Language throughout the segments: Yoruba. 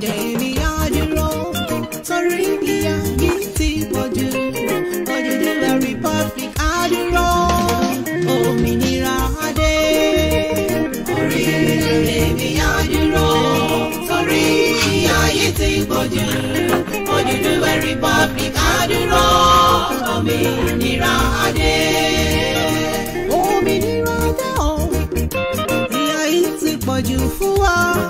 ìjà èmi á dúró torí ìyà yìí ti pọ̀ jù Odùduwà republic á dúró òmìnira á dé. orí ìjà èmi á dúró torí ìyà yìí ti pọ̀ jù Odùduwà republic á dúró òmìnira á dé. òmìnira á dé o ìyà yìí ti pọ̀ jù fún wa.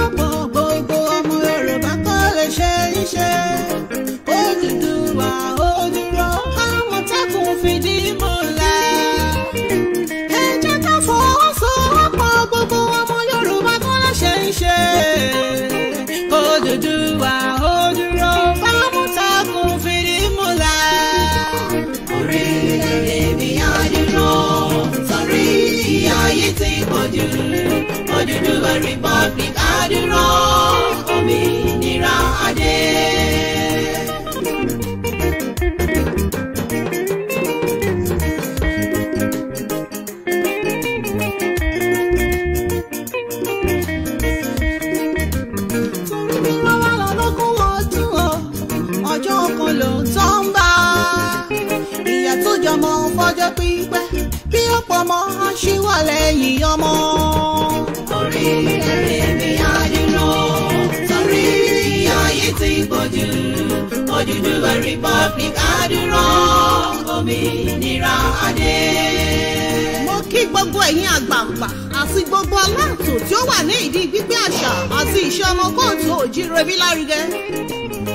Yorùbá Republic adúró òmìnira adé. ọmọ fọjọ́ pípẹ́ kí ọ̀pọ̀ ọmọ ṣíwà lẹ́yìn ọmọ. ti bójú Odùduwà republic àdúrà òmìnira adé. mo kí gbogbo ẹ̀yin àgbààgbà àti gbogbo aláàtò tí ó wà ní ìdí gbígbé àṣà àti ìṣe ọmọ kóòtù òjíire bí lárugẹ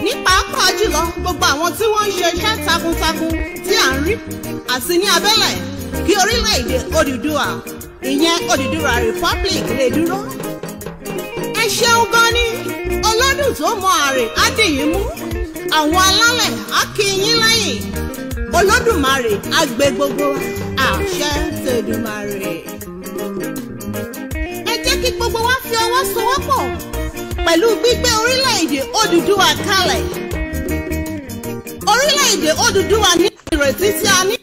ní pàápàá jùlọ gbogbo àwọn tí wọ́n ń ṣe iṣẹ́ takuntakun tí à ń rí àti ní abẹ́lẹ̀ kí orílẹ̀-èdè Odùduwà ìyẹn Odùduwà republic lè dúró. ẹ ṣeun gan ni tó mọ àrè á dì yín mú àwọn alálẹ̀ á kí yín lẹ́yìn olódùmarè á gbé gbogbo àṣẹ tèdùmarè. ẹ jẹ́ kí gbogbo wa fi ọwọ́ sowọ́pọ̀ pẹ̀lú gbígbé orílẹ̀-èdè Odùduwà kalẹ̀ orílẹ̀-èdè Odùduwà ní ìrètí tí a ní.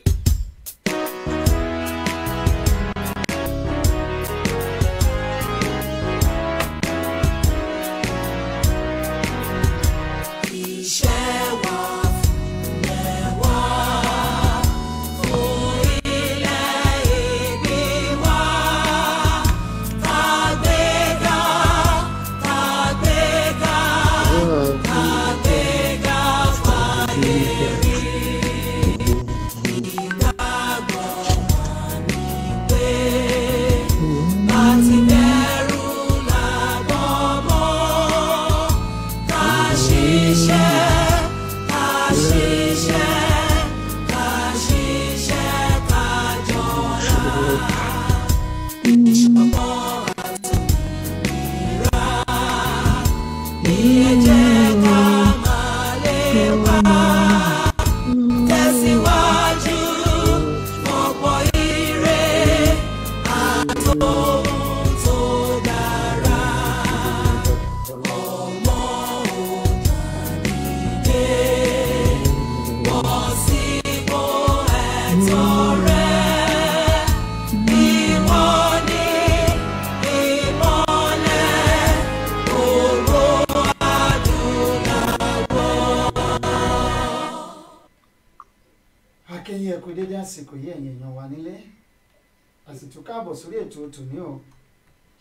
ètò tòní o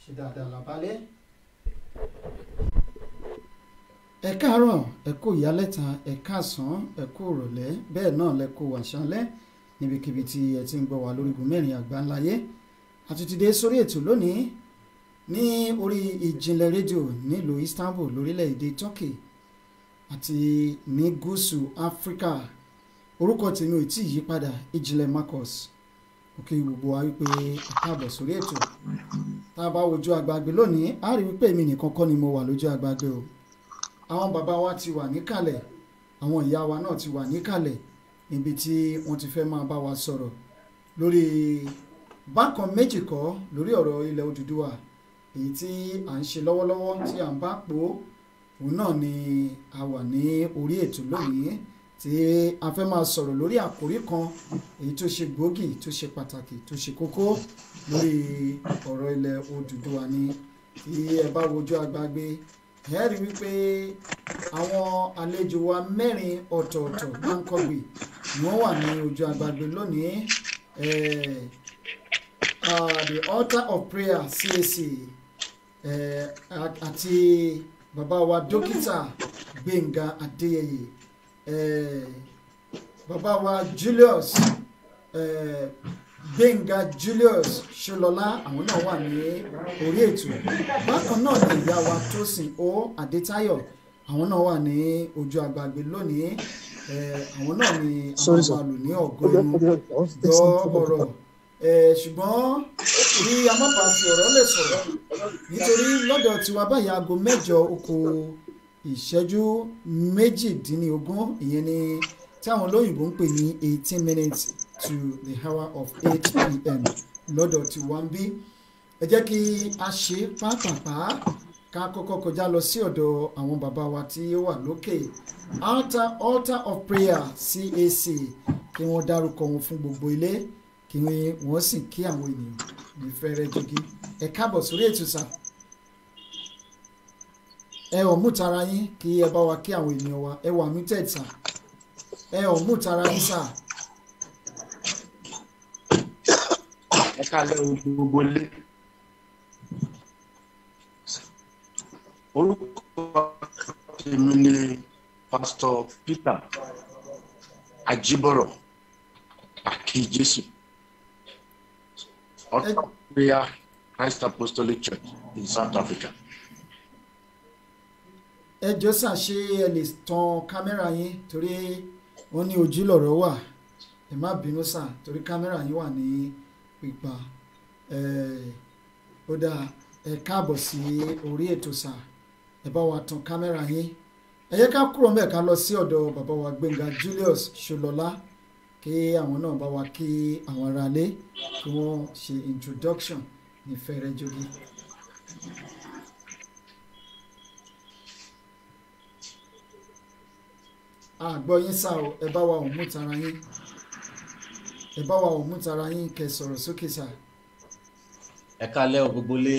ṣe dáadáa lábálẹ́. ẹ káàárọ̀ ẹ kú ìyálẹ̀ta ẹ káàsán ẹ kú ìrọ̀lẹ́ bẹ́ẹ̀ náà lẹ kú àṣálẹ́ níbikíbi tí ẹ ti ń gbọ́ wá lórígun mẹ́rin àgbáńláyé àtútìdé sórí ètò lónìí ní orí ìjìnlẹ̀ rédíò nílùú Istanbul lórílẹ̀ Turkey àti ní gúúsù Áfíríkà orúkọ tèmi ò tí ì yí padà ìjìnlẹ̀ Marcus mo kí gbogbo wa wípé káàbọ̀ sórí ètò tá a bá wojú agbágbé lónìí a rí wípé èmi nìkan kọ́ ni mo wà lójú agbágbé o àwọn bàbá wa ti wà níkàlẹ̀ àwọn ìyá wa náà ti wà níkàlẹ̀ níbi tí wọ́n ti fẹ́ máa bá wa sọ̀rọ̀ lórí bákan méjì kọ́ lórí ọ̀rọ̀ ilẹ̀ Odùduwà èyí tí à ń ṣe lọ́wọ́lọ́wọ́ tí à ń bá pò òun náà ni a wà ní orí ètò lónìí tí a fẹ́ máa sọ̀rọ̀ lórí àkórí kan èyí tó ṣe gbòógì tó ṣe pàtàkì tó ṣe kókó lórí ọ̀rọ̀ ilẹ̀ Odùduwà ni tí ẹ bá wojú agbágbé ẹ rí wípé àwọn àlejò wa mẹ́rin ọ̀tọ̀ọ̀tọ̀ gbáǹkọ́gbì ni wọ́n wà ní ojú agbágbé lónìí the altar of prayer CAC àti bàbá wa dókítà Gbẹ̀ngà Adéyẹyè. Eh, bàbá wa Julius eh, Gbẹ̀ngà Julius Ṣọlọ́lá àwọn náà wà ní orí ètò bákan náà lè yá wa Tósìn O Adétáyọ̀ àwọn náà wà ní ojú agbàgbé lónìí eh, àwọn náà ni àwọn wà lò ní ọ̀gọ́rùn gbọ́ ọ̀rọ̀ ṣùgbọ́n bí amọ́pàá fi ọ̀rọ̀ lè sọ̀rọ̀ nítorí lọ́dọ̀ tiwa báyìí aago mẹ́jọ oko ìṣẹ́jú méjìdínlógún ìyẹn ni tí àwọn olóyìnbó ń pè ní eighteen minutes to the hour of eight pm lọ́dọ̀ tí wọ́n ń bí ẹ jẹ́ kí a ṣe pápápá ká kọ́kọ́ kọjá lọ sí ọ̀dọ̀ àwọn bàbá wa tí ó wà lókè altar altar of prayer CAC kí wọ́n dárúkọ wọn fún gbogbo ilé kí wọ́n sì kí àwọn ènìyàn ní fẹ́rẹ́ jogi ẹ káàbọ̀ sórí ètò sáà ẹ ò mú tara yín kí ẹ bá wa kí àwọn ènìyàn wa ẹ wà mí tẹ̀sán ẹ ò mú yín sà. ẹ kálẹ̀ gbogbo lé orúkọ èmi ni pásítọ̀ Peter Ajiboro Akijesu Ọ̀tàpéyà Christ Apostolic Church in South Africa ẹ jọ̀ọ́ sàn ṣé ẹ lè tan kámẹ́rà yín torí wọ́n ní ojú lọ̀rọ̀ wà ẹ má bínú sàn torí kámẹ́rà yín wà ní pípa ó dáa ẹ káàbọ̀ sí orí ètò sàn ẹ bá wa tan kámẹ́rà yín ẹ yẹ ká kúrò mẹ́ẹ̀ ká lọ sí ọ̀dọ̀ bàbá wa Gbẹ́ngà Julius Ṣọlọ́lá kí àwọn náà bá wa kí àwọn aráalé kí wọ́n ṣe introduction ní fẹ́rẹ́ jogi. àgbọ̀ yín sá o ẹ bá wa ò mú tara yín ẹ bá wa ò mú tara yín kẹ́ sọ̀rọ̀ sókè sá. ẹ kálẹ́ o gbogbo lé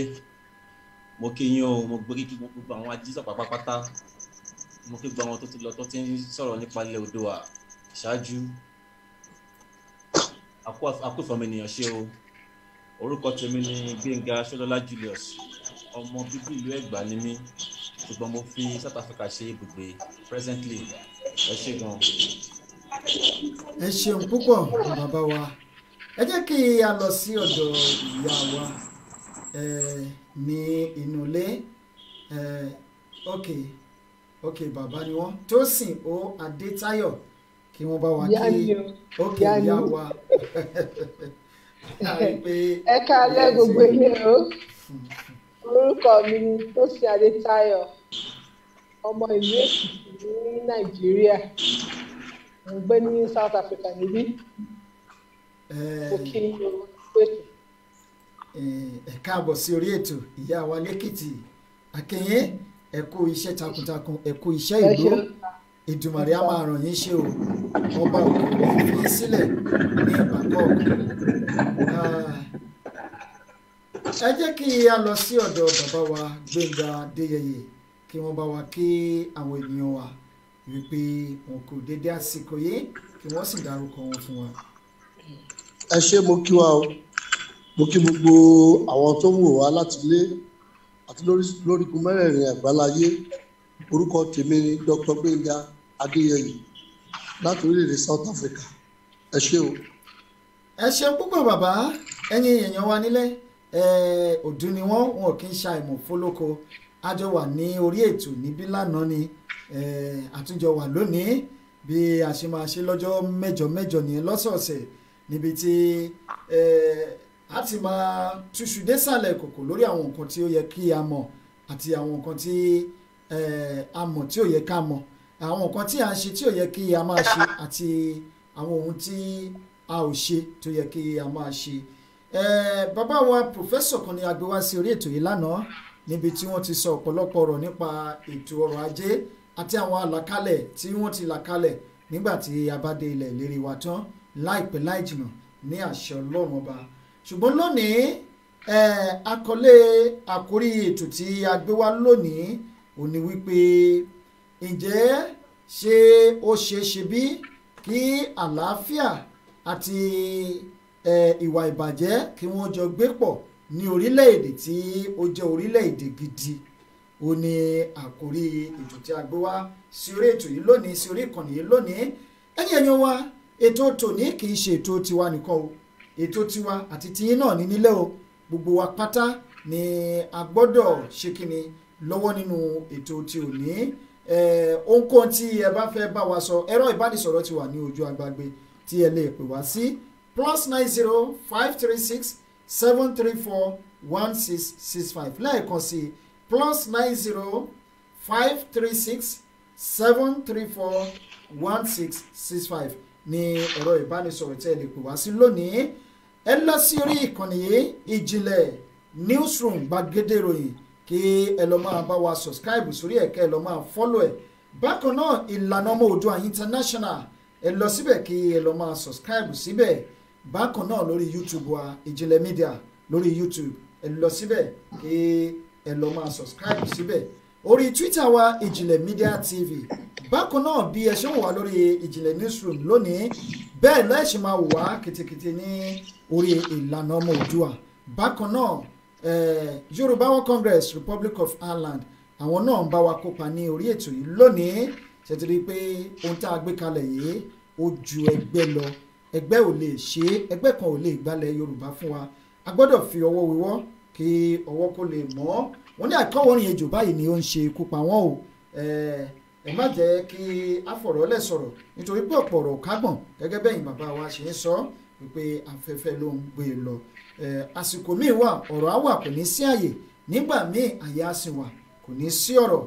mo kí yín o mo gbórí kí gbogbo àwọn ajísọ̀ pátápátá mo kí gbogbo àwọn tó ti lọ tó ti ń sọ̀rọ̀ nípa ilẹ̀ Oòduà ṣáájú akófòmìnìyàn ṣe o orúkọ tèmi ni Gbénga Ṣọlọ́lá Julius ọmọ bíbí ìlú Ẹ̀gbá ni mí ṣùgbọ́n mo fi South Africa ṣe ibùgbé presently. Yeah ẹ ṣe gan. ẹ ṣeun púpọ̀ bàbá wa ẹ jẹ́ kí a lọ sí ọ̀dọ̀ ìyá wa ní inú ilé ok ok bàbá ni wọ́n Tósìn O Adétáyọ̀ kí wọ́n bá wa kí ok ìyá wa ẹ káalẹ́ gbogbo ilé o orúkọ mi ni Tósìn Adétáyọ̀ ọmọ ìlú Èkìtì nàìjíríà mo ń gbé ní south africa níbí eh, mo kí ni o pẹ̀tù. ẹ káàbọ̀ sí orí ètò ìyá wa lẹ́kìtì akínyìn ẹ kú iṣẹ́ takuntakun ẹ kú iṣẹ́ ìlú ìdùmàrè á máa ràn yín ṣe o ọba òkè òfin yín sílẹ̀ ní ìbàkọ́ ah, ẹ jẹ́ kí a lọ sí ọ̀dọ̀ bàbá wa Gbénga Adéyẹyè kí wọ́n bá wa kí àwọn ènìyàn wa wípé wọn kò dédé àsìkò yìí kí wọ́n sì dárúkọ wọn fún wa. ẹ ṣé mo kí wa o mo kí gbogbo àwọn tó ń wò wá láti ilé àti lórígun mẹ́rẹ̀ẹ̀rin àgbáláyé orúkọ tèmi ni Dr. Gbénga Adéyẹyè láti orílẹ̀-èdè South Africa ẹ ṣé o. ẹ ṣeun púpọ̀ bàbá ẹ̀yin èèyàn wa nílẹ̀ ọ̀dùn ni wọ́n wọn kì í ṣàìmọ̀ fólóko a jọ wà ní orí ètò níbí lánàá ni eh, a tún jọ wà lónìí bí a ṣe máa ṣe lọ́jọ́ mẹ́jọ mẹ́jọ nìyẹn lọ́sọ̀ọ̀sẹ̀ níbi tí eh, a ti máa túṣu désàlẹ̀ kòkò lórí àwọn nǹkan tí ó yẹ kí a mọ̀ àti àwọn nǹkan tí eh, a mọ̀ tí ò yẹ ká mọ̀ àwọn nǹkan tí a ń ṣe tí ò yẹ kí a máa ṣe àti àwọn ohun tí a ò ṣe tó yẹ kí a máa ṣe. bàbá wa pòfẹ́sọ̀ kan ni a sí orí ètò yìí lánàá níbi tí wọ́n ti sọ ọ̀pọ̀lọpọ̀ ọ̀rọ̀ nípa ètò ọrọ̀ ajé àti àwọn àlàkalẹ̀ tí wọ́n ti là kalẹ̀ nígbà tí a bá dé ilẹ̀ ìlérí wa tán láìpẹ́ láìjìnà ní àṣẹ ọlọ́run ọba ṣùgbọ́n lónìí akọlé àkórí ètò tí a gbé wá lónìí ò ní wípé ǹjẹ́ ṣé ó ṣeé ṣe bí kí àlàáfíà àti ìwà ìbàjẹ́ kí wọ́n jọ gbé pọ̀ ní orílẹ̀-èdè tí ó jẹ́ orílẹ̀-èdè gidi ó ní àkórí ètò tí a gbé wá sí orí ètò yìí lónìí sí orí ìkànnì yìí lónìí ẹ̀yin ẹ̀yàn wa ètò tòní kì í ṣe ètò tiwa nìkan o ètò tiwa àti tiyín náà ní nílẹ̀ o gbogbo wa pátá ni a gbọ́dọ̀ ṣe kíni lọ́wọ́ nínú ètò ti òní ohunkóhun tí ẹ bá fẹ́ bá wa sọ ẹ̀rọ ìbánisọ̀rọ̀ ti wà ní ojú agbágbé tí ẹ lè pè wá sí plus nine zero five three six seven three four one six six five lẹ́ẹ̀kan sí i plus nine zero five three six seven three four one six six five Ni ẹ̀rọ ìbánisọ̀rọ̀ tí ẹ lè pè wá sí lónìí ẹ lọ sí orí ìkànnì ìjìnlẹ̀ newsroom gbàgede ìròyìn kí ẹ lọ máa bá wa subscribe sórí ẹ̀kẹ́ ẹ lọ máa follow ẹ̀ bákan náà ìlànà ọmọ Oòduà international ẹ lọ síbẹ̀ kí ẹ lọ máa subscribe síbẹ̀. Si bákan náà lórí youtube wa ìjìnlẹ̀ media lórí youtube ẹ lọ síbẹ̀ kí ẹ lọ máa subscribe síbẹ̀ orí twitter wa ìjìnlẹ̀ media tv bákan náà bí ẹ ṣe ń wà lórí ìjìnlẹ̀ newsroom lónìí bẹ́ẹ̀ lẹ́ẹ̀ṣin máa wà kìtìkìtì ní orí ìlànà ọmọ òdua bákan náà yorùbá world congress republic of ireland àwọn náà ń bá wa kópa ní orí ètò yìí lónìí ṣètìrí pé ohun tá a gbé kalẹ̀ yìí ó ju ẹgbẹ́ lọ ẹgbẹ́ ò lè ṣe é ẹgbẹ́ kan ò lè gbalẹ̀ Yorùbá fún wa a gbọ́dọ̀ fi ọwọ́ wíwọ́ kí ọwọ́ kó lè mọ́ wọ́n ní àkọ́wọ́rin ejò báyìí ni ó ń ṣe ikú pa wọ́n o ẹ má jẹ́ kí afọ̀rọ̀lẹ̀ sọ̀rọ̀ nítorí pé ọ̀pọ̀ ọ̀rọ̀ kágbọ̀n gẹ́gẹ́ bẹ́yìn bàbá wa ṣe ń sọ wípé afẹ́fẹ́ ló ń gbé e lọ àsìkò míì wà ọ̀rọ̀ á wà kò ní sí àyè nígbà míì àyè á sì wà kò ní sí ọ̀rọ̀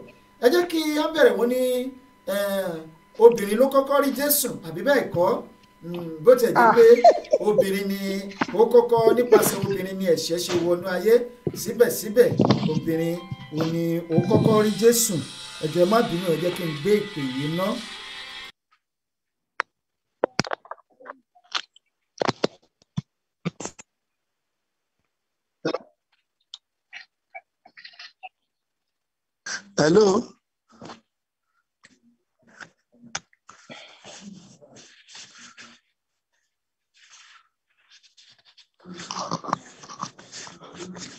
ẹ jẹ́ kí á bẹ̀rẹ̀ wọ́n ní obìnrin ló kọ́kọ́ rí Jésù àbí bẹ́ẹ̀ Mm. bó tiẹ̀ jẹ́ ah. pé obìnrin ni ó kọ́kọ́ nípasẹ̀ obìnrin ni ẹ̀ṣẹ̀ ṣe wọnú ayé síbẹ̀síbẹ̀ obìnrin ò ní ó kọ́kọ́ rí Jésù ẹ má bínú ẹ kí n gbé ìpè yìí ná. hello.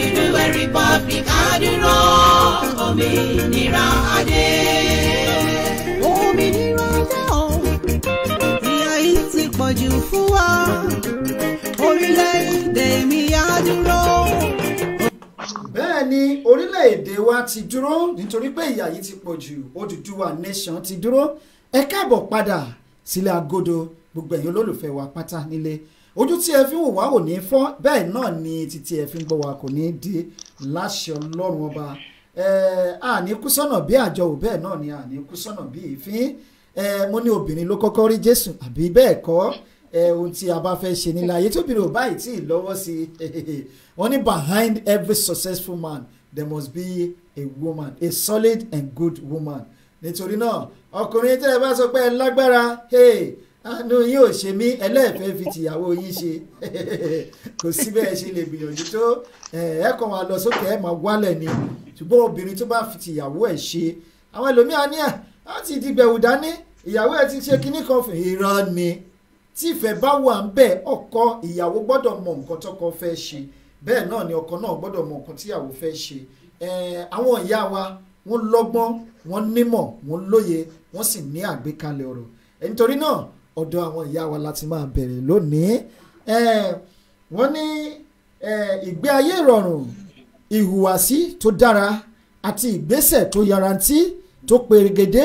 Odùduwà republic àdúrà òmìnira adé. òmìnira dé o ìyà yìí ti pọ̀ jù fún wa orílẹ̀-èdè mi á dúró. bẹ́ẹ̀ ni orílẹ̀-èdè wa ti dúró nítorí pé ìyà yìí ti pọ̀ jù Odùduwà nation ti dúró ẹ káàbọ̀ padà sílẹ̀ agodo gbogbo ẹ̀yin olólùfẹ́ wa pátá nílé ojú tí ẹ fi ń wò wá ò ní fọ́ bẹ́ẹ̀ náà ni títí ẹ fi ń gbọ́ wa kò ní di láṣẹ ọlọ́run ọba àní kú sọ́nà bí àjọ ò bẹ́ẹ̀ náà ni àní kú sọ́nà bí ìfín mo ní obìnrin ló kọ́kọ́ rí Jésù àbí bẹ́ẹ̀ kọ́ ohun tí a bá fẹ́ ṣe nílẹ̀ ayé tóbi rò báyìí tí ì lọ́wọ́ sí wọ́n ní behind every successful man there must be a woman a solid and good woman nítorí náà ọkùnrin tẹ́lẹ̀ bá sọ pé ẹ lágbára hey àánú yín ò ṣe mí ẹlẹ́ẹ̀fẹ́ fi tìyàwó yín ṣe kò sí bẹ́ẹ̀ ṣe lè gbìyànjú tó ẹ kàn wá lọ sókè ẹ máa wálẹ̀ ni ṣùgbọ́n obìnrin tó bá fi tìyàwó ẹ̀ ṣe àwọn ẹlòmíà ní à á ti di gbẹ̀wù dání ìyàwó ẹ̀ ti ṣe kinní kan fún ìran ni tí ìfẹ́ bá wà ń bẹ̀ ọkọ ìyàwó gbọ́dọ̀ mọ nǹkan tọkọ fẹ́ ṣe bẹ́ẹ̀ náà ni ọkọ náà gbọ́dọ̀ mọ nǹkan tíyàwó fẹ́ ṣe àwọn ìyá wa wọ́n lọ́gbọ́n wọ́n nímọ̀ wọ́n lóye wọ́n sì ní àgbékalẹ̀ ọ̀rọ̀ nítorí náà ọ̀dọ̀ àwọn ìyá wa láti máa bẹ̀rẹ̀ lónìí wọ́n ní ìgbé ayé ìrọ̀rùn ìhùwàsí tó dára àti ìgbésẹ̀ tó yarantí tó perégedé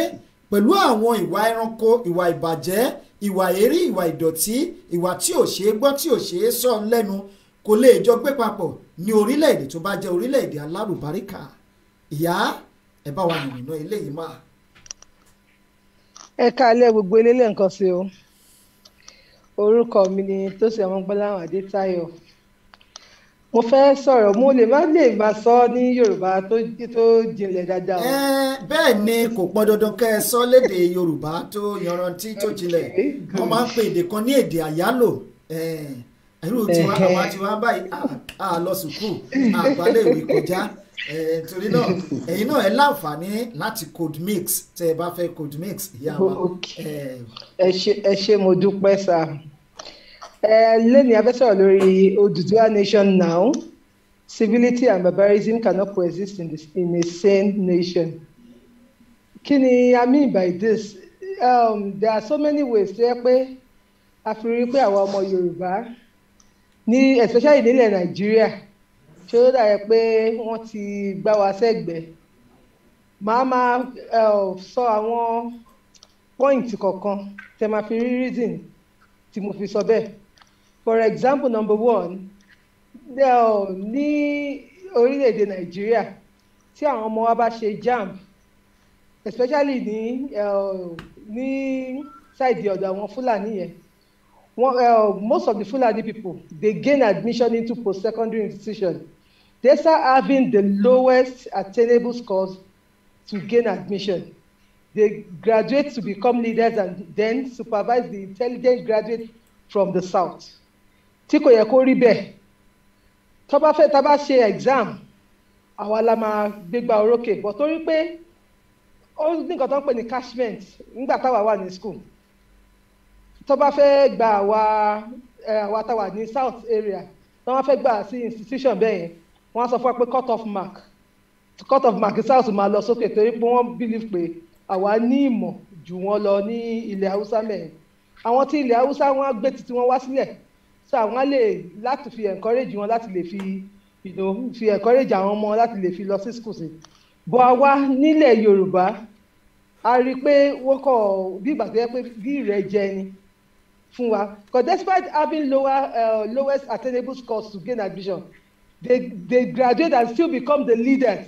pẹ̀lú àwọn ìwà ẹranko ìwà ìbàjẹ́ ìwà èrí ìwà ìdọ̀tí ìwà tí ò ṣeé gbọ́ tí ò ṣeé sọ lẹ́nu kò lè jọ gbé papọ̀ ní orílẹ̀-èdè tó bá jẹ́ orílẹ̀-èdè alárùbáríkà ìyá ẹ bá wa nínú ilé yìí máa ẹ káalẹ́ gbogbo eléyìí nǹkan sí o orúkọ mi ni Tósìn Ọmọgbọ́láhàn Adétáyọ̀ mo fẹ́ sọ̀rọ̀ mo lè má lè máa sọ ọ́ ní Yorùbá tó jinlẹ̀ dáadáa o. bẹ́ẹ̀ ni kò pọn dandan kẹ́ ẹ sọ lédè Yorùbá tó yanrantí tó jinlẹ̀ wọ́n máa ń pe èdè kan ní èdè àyálò irú tiwa àwa tiwa báyìí a lọ sùkúù àgbálẹ̀ ìwé kọjá Eh, eh, torí náà ẹ̀yin náà ẹ láǹfààní láti code mix tẹ́ ẹ bá fẹ́ code mix ìyá wa. Eh, ẹ ṣé mo dúpẹ́ sá lẹ́ni a fẹ́ sọ̀rọ̀ lórí Odùduwà nation now civility and barbarism cannot coexist in, this, in a sane nation. kí ni I mean by this um, there are so many ways tó yẹ pé a fi rí pé àwa ọmọ Yorùbá ní especially nílẹ̀ Nàìjíríà ṣé ó dàbí pé wọ́n ti gbá wa sẹ́gbẹ̀ẹ́ màá máa sọ àwọn pọ́ìntì kọ̀ọ̀kan tẹ́ máa fi rí reason tí mo fi sọ bẹ́ẹ̀ for example number one ní orílẹ̀-èdè nàìjíríà tí àwọn ọmọ wa bá ṣe jam, especially ní ní ṣáìdì ọ̀dọ̀ àwọn fúlàní yẹn one, uh, most of the Fulani people they gain admission into post-secondary institution despite having the lowest attainable scores to gain admission. They graduate to become leaders and then supervise the intelligent graduates from the south. Tiko kò yẹ kó rí bẹ́ẹ̀, tó bá exam, Awalama big baroke but orókè. Bọ̀ torí pé ó ní nǹkan tó ń pè ní school. Tó fe fẹ́ gba àwa eh, àwa táwa south area, tó fe fẹ́ gbà institution bẹ́ẹ̀ wọ́n sọ fún ẹ pé cut off mark cut off mark south máa lọ sókè torí pé wọ́n believe pé àwa ní ìmọ̀ jù wọ́n lọ ní ilẹ̀ haúsá mẹ́rin àwọn tí ilẹ̀ haúsá wọn á gbé títí wọn wá sílẹ̀ so àwọn á lè láti fi encourage wọn láti lè fi you know, fi encourage àwọn ọmọ láti lè fi lọ sí school sí bọ́ a wá nílẹ̀ yorùbá a rí i pé wọ́n kọ̀ bí ìgbà tó yẹ pé bí ìrẹ́ jẹ ni fún wa because despite having lower uh, lowest attainable scores to gain admission they they graduate and still become the leaders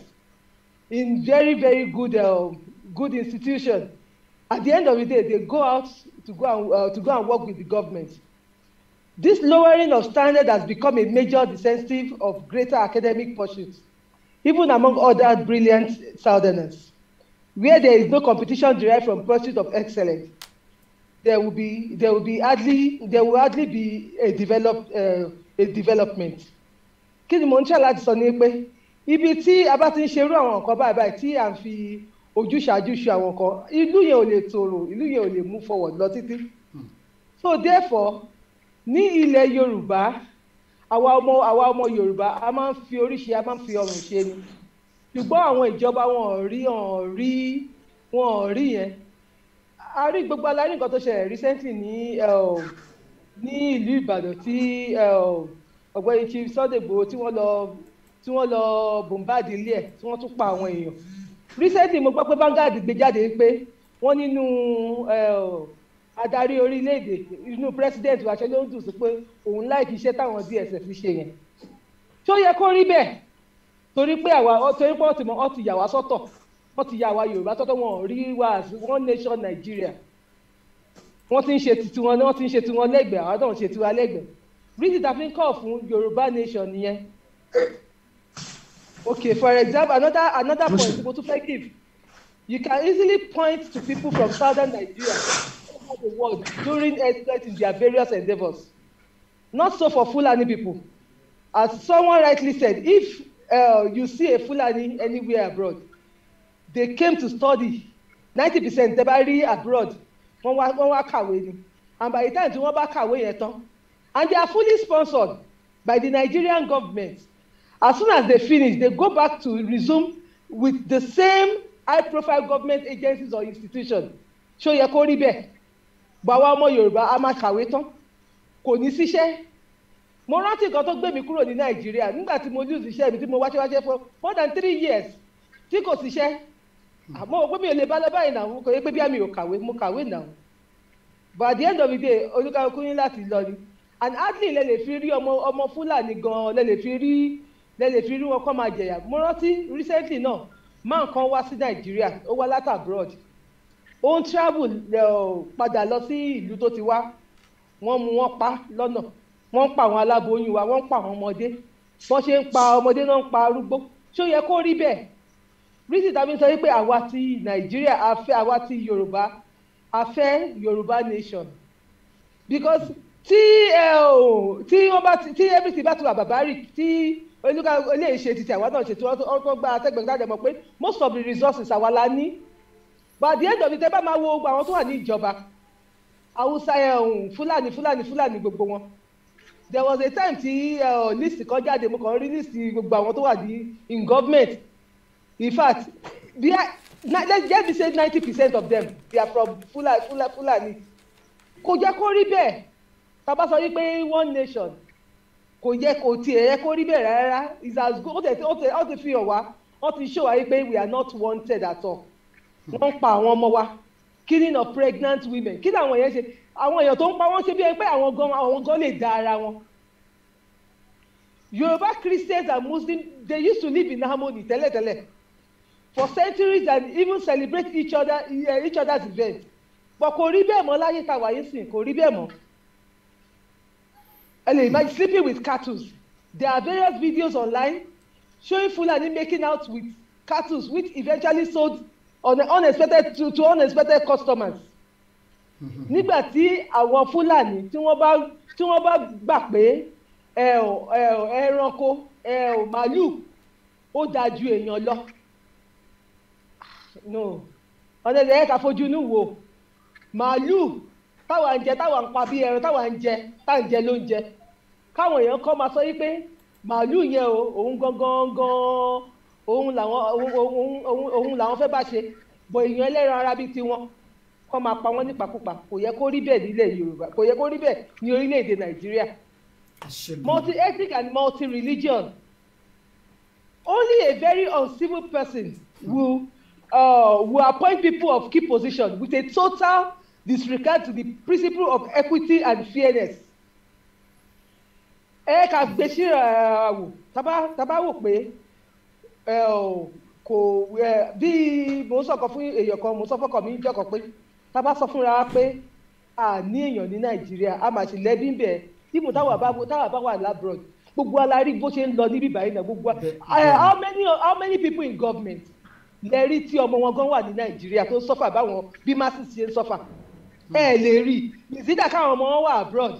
in very very good uh, good institution at the end of the day they go out to go and uh, to go and work with the government this lowering of standard has become a major disincentive of greater academic pursuits even among other brilliant southerners where there is no competition derived from pursuit of excellence there will be there will be hardly there will hardly be a develop uh, a development kí ni mo ń ṣe láti sọ ni pé ibi tí a bá ti ń ṣerú àwọn nǹkan báyìí tí à fi ojúṣàájú ṣe àwọn nǹkan ìlú yẹn ò lè tòrò ìlú yẹn ò lè move forward lọ títí hmm. so therefore ní ilẹ̀ Yorùbá àwa ọmọ àwa ọmọ Yorùbá a máa ń fi oríṣi a máa ń fi ọrùn ṣe ni ṣùgbọ́n àwọn ìjọba wọn ò rí wọn ò rí wọn ò rí yẹn a rí gbogbo alárí nǹkan tó ṣẹlẹ̀ recently ní eh, ní ìlú Ìbàdàn tí eh, ọ̀gbẹ́ni chief Sunday Igboho tí wọ́n lọ tí wọ́n lọ bombard ilé ẹ̀ tí wọ́n tún pa àwọn èèyàn recently mo gbọ́ pé Vanguard gbé jáde pé wọ́n nínú adarí orílẹ̀-èdè inú president wa ṣe ló ń dùn sí pé òun láìkí iṣẹ́ táwọn DSS ṣe yẹn tó yẹ kó rí bẹ́ẹ̀ torí pé àwa torí pé ọtí mọ ọtí yà wá sọ́tọ̀ ọtí yà wá Yorùbá sọ́tọ̀ wọn ò rí wa one nation Nigeria wọ́n ti ń ṣe tiwọn wọ́n ti ń ṣe tiwọn lẹ́gbẹ̀ẹ́ àwọn náà ń ṣe tiwa lẹ́gbẹ̀ẹ́ reason ta fi ń call fún yorùbá nation nìyẹn okay for example another another point mo to fẹ́ give you can easily point to people from southern nigeria over the world during exploit in their various endeavours not so for fulani people as someone rightly said if uh, you see a fulani anywhere abroad they came to study ninety percent tẹ́ bá abroad wọ́n wá wọ́n wá kàwé ni and by the time tí wọ́n bá kàwé yẹn tán and they are fully sponsored by the Nigerian government. As soon as they finish, they go back to resume with the same high-profile government agencies or institutions. Ṣó yẹ kó rí bẹ́ẹ̀? Gbàwa ọmọ Yorùbá a máa kàwé tán. Kò ní síṣẹ́. Mo rántí nǹkan tó gbé mi kúrò ní Nàìjíríà nígbà tí mo lose iṣẹ́ mi tí mo wáṣẹ́ wáṣẹ́ fún more than three years tí kò síṣẹ́. Àmọ́ òpin mi ò lè bá lọ báyìí náà kò yẹ pé bí àmì ò kàwé mo kàwé náà. But at the end of the day, olúkàlùkù ní láti lọ ni and hardly lè lè fi rí ọmọ ọmọ fúlàní gan lè lè fi rí lè lè fi rí wọn kọ́ máa jẹ̀yà mo rántí recently náà máa kan wá sí nàìjíríà ó wá láti abroad ó ń travel padà lọ sí ìlú tó ti wá wọ́n mú wọn pa lọ́nà wọ́n ń pa àwọn aláboyún wa wọ́n ń pa àwọn ọmọdé wọ́n ṣe ń pa ọmọdé náà ń pa arúgbó ṣó yẹ kó rí bẹ́ẹ̀ rísì tàbí sọ wípé àwa ti nàìjíríà a fẹ́ àwa ti yorùbá a fẹ́ yorùbá nation because tí tí wọ́n bá tí everything bá ti wà barbaric tí olúkà eléyìí ṣe títí àwa náà ṣe tí wọ́n tó gba àtẹ́gbẹ̀gbẹ̀ àjẹmọ pé most of the resources àwa la ní but at the end of the day bá máa wo gbogbo àwọn tó wà ní ìjọba haúsá fúlàní fúlàní fúlàní gbogbo wọn there was a time tí list kan jáde mo kàn rí list gbogbo àwọn tó wà ní in government in fact bí i let's just say ninety percent of them they are from fúlàní fúlàní kò jẹ́ kó rí bẹ́ẹ̀ tábà sọ wípé one nation kò yẹ kò tiẹ̀ yẹ kó rí bẹ́ẹ̀ rárá is as good ó tẹ̀ ó ti fi hàn wá wọ́n ti ṣòwò wípé we are not wanted at all wọ́n ń pa àwọn ọmọ wa killing of pregnant women kí ni àwọn èèyàn ṣe àwọn èèyàn tó ń pa wọ́n ṣe bí ẹni pé àwọn gan àwọn gan lè da ara wọn Yoruba Christians and Muslims they used to live in harmony tẹ́lẹ̀tẹ́lẹ̀ for centuries and even celebrate each other eh, each other's events but kò rí bẹ́ẹ̀ mọ́ láyé tá a sìn kò rí bẹ́ẹ̀ mọ́ ẹ lè sleeping with cattle there are various videos online showing Fulani making out with cattle which eventually sold on unexpected to, to unexpected customers mm-hmm. nígbà tí àwọn Fulani tí wọ́n bá tí wọ́n bá gbà pé ẹ ò ẹ ò ẹranko ẹ màálù ó dáa èèyàn lọ no ọ̀dẹ̀dẹ̀ ẹ̀ka fojú inú wo màálù táwa ń jẹ táwa ń pa bí ẹran táwa ń jẹ táà ń jẹ ló ń jẹ káwọn èèyàn kọ́ máa sọ yí pé màálù yẹn o òun gangan gan òun làwọn òun òun làwọn fẹ́ bá ṣe bọ̀ èèyàn ẹlẹ́ran ara bíi tiwọn kọ́ máa pa wọ́n nípakúpa kò yẹ kó rí bẹ́ẹ̀ nílẹ̀ Yorùbá kò yẹ kó rí bẹ́ẹ̀ ní orílẹ̀-èdè Nàìjíríà multi ethnic and multi religion only a very uncivil person will uh, will appoint people of key position with a total disregard to the principle of equity and fairness ẹ ká gbé sí àwò tábà wò pé kò bí mò ń sọ̀kan fún èèyàn kan mò sọ fọ́kàn mi jọ́kàn pé tábà sọ fúnra pé a èèyàn ní nàìjíríà a máa ṣe lẹ́bí bẹ́ẹ̀ tí mo táwà bá táwà bá wà labroad gbogbo alárí bó ṣe ń lọ níbí báyìí náà gbogbo how many how many people in government lè rí tí ọmọ wọn gan wà ní nàìjíríà tó ń sọ́fà báwọn bí má sì ṣe ń sọ́fà ẹ lè rí ìsídà káwọn ọmọ wọn wà abroad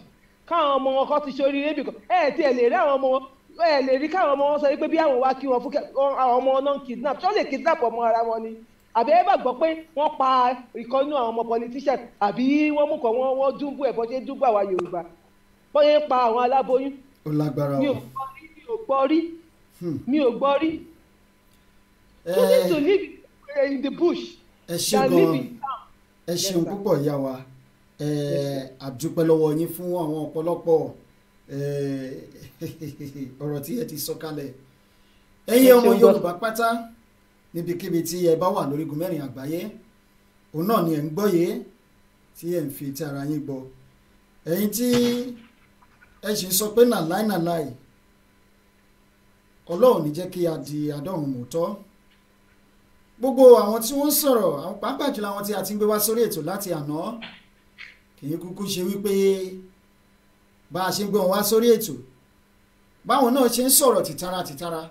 káwọn ọmọ wọn kọ́ ti ṣe oríire bìkan ẹ̀ tí ẹ̀ lè rí àwọn ọmọ wọn ẹ̀ lè rí káwọn ọmọ wọn sọ pé bí àwọn wá kí wọn fún àwọn ọmọ wọn náà kidnap ṣọ́ kidnap ọmọ ara wọn ni àbí ẹ bá gbọ́ pé wọ́n pa ìkan àwọn ọmọ politician àbí wọ́n mú kàn wọ́n wọ́n dúnbú ẹ̀ bọ́jẹ́ dúnbú àwa Yorùbá bọ́yẹ́ ń pa àwọn aláboyún. mi ò gbọ́ rí mi ò gbọ́ rí. Hmm. Eh. who need to live in the bush. ẹ ṣe gan ẹ ṣeun púpọ̀ yá wa àdúpẹ́ eh, lọ́wọ́ yín fún àwọn ọ̀pọ̀lọpọ̀ eh, ọ̀rọ̀ tí ẹ ti sọ kalẹ̀ ẹ̀yin ọmọ Yorùbá pátá níbikíbi tí ẹ bá wà lórígun mẹ́rin àgbáyé òun náà ni ẹ̀ ń gbọ́yé tí ẹ̀ ń fi ti ara yín gbọ́ ẹ̀yin tí ẹ sì ń sọ pé nàláì nàláì Ọlọ́run ní jẹ́ kí a di adọ́run mọ̀tọ́ gbogbo àwọn tí wọ́n sọ̀rọ̀ pàápàá jùlọ àwọn tí a ti ń gbé wá sórí ètò láti àná kì í kúkú ṣe wípé bá a ṣe ń gbé wọn wá sórí ètò báwọn náà ṣe ń sọ̀rọ̀ tìtara tìtara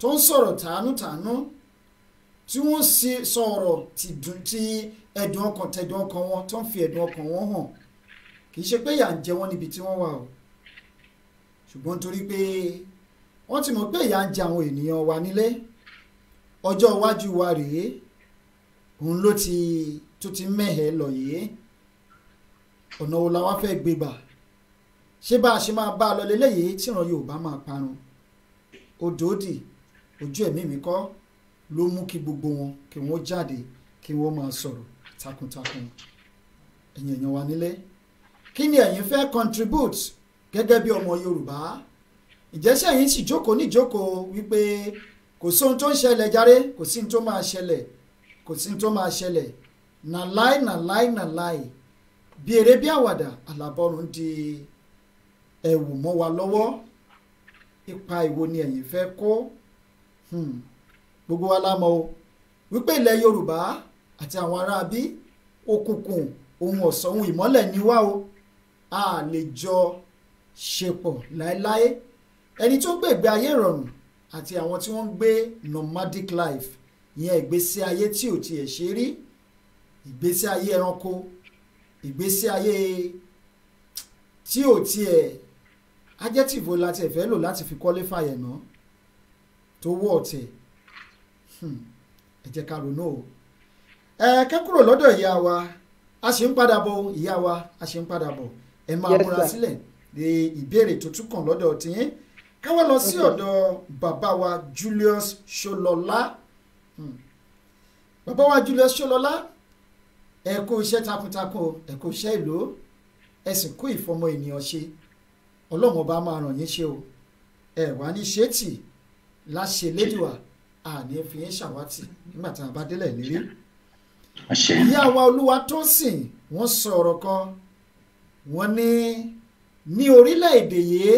tó ń sọ̀rọ̀ tàánútàánú tí wọ́n ṣe sọ̀rọ̀ ti ẹ̀dùn ọkàn tẹ̀dùn ọkàn wọn tó ń fi ẹ̀dùn ọkàn wọn hàn kì í ṣe pé ìyà ń jẹ wọ́n níbi tí wọ́n wà o ṣùgbọ́n torí pé wọ́n ti mọ̀ pé ìyà ń jẹ àwọn ènìyàn wa nílé ọjọ́ iwájú wa rèé òun ló ti tó ti mẹ́hẹ̀ẹ́ lọ yìí ọ̀nà wo la wá fẹ́ gbé gbà ṣé bá a ṣe máa bá a lọ lélẹ́yìí tíran Yorùbá máa parun odòdì ojú ẹ̀mí mi kọ́ ló mú kí gbogbo wọn kí wọ́n jáde kí wọ́n máa sọ̀rọ̀ takuntakun ẹ̀yin èèyàn wa nílé kí ni ẹ̀yin fẹ́ contribute gẹ́gẹ́ bí ọmọ Yorùbá ǹjẹ́ sẹ́yìn sì jókòó níjókòó wípé kò sóhun tó ń ṣẹlẹ̀ járe kò sí ní tó máa ṣẹlẹ̀ kò sí ní tó máa ṣẹlẹ̀ nàláì nàláì nàláì bí eré bí àwàdà àlàbọ̀rùn di ẹ̀wù mọ́ wa lọ́wọ́ ipa ìwo ni ẹ̀yin fẹ́ kó hmm. gbogbo wa la mọ̀ o wípé ilẹ̀ Yorùbá àti àwọn aráabí òkùnkùn ohun ọ̀sán ohun ìmọ́lẹ̀ ni wá o a lè jọ ṣepọ̀ láéláé ẹni tó ń gbé ìgbé ayé ìrọ̀rùn àti àwọn tí wọ́n ń gbé nomadic life ìyẹn ìgbésí ayé tí ò tiẹ̀ ṣe rí ìgbésí ayé ẹranko ìgbésí ayé tí ò tiẹ̀ adjective wo la tiẹ̀ fẹ́ lò láti fi qualify ẹ̀ ná tó wọ́ ọ̀tẹ̀ hmm, ẹ jẹ́ ká ronú o ẹ kẹ́kúrò lọ́dọ̀ ìyá wa a ṣe ń padà bọ̀ ìyá wa a ṣe ń padà bọ̀ ẹ máa múra sílẹ̀ de ìbéèrè tó tún kàn lọ́dọ̀ tiyín káwọ́ lọ sí ọ̀dọ̀ bàbá wa Julius Ṣọlọlá hmm, bàbá wa Julius Ṣọlọlá ẹ kó iṣẹ́ takuntakun ẹ kó iṣẹ́ ìlú ẹ sì kó ìfọmọ ènìyàn ṣe ọlọ́run ọba máa ràn yín ṣe o ẹ wá ní ṣe tì láṣẹ lédùá àní fi yín ṣàwátì nígbà tá a bá délẹ̀ nílé. ìyá wa olúwa tó sìn wọ́n sọ ọ̀rọ̀ kan wọ́n ní ní orílẹ̀-èdè yìí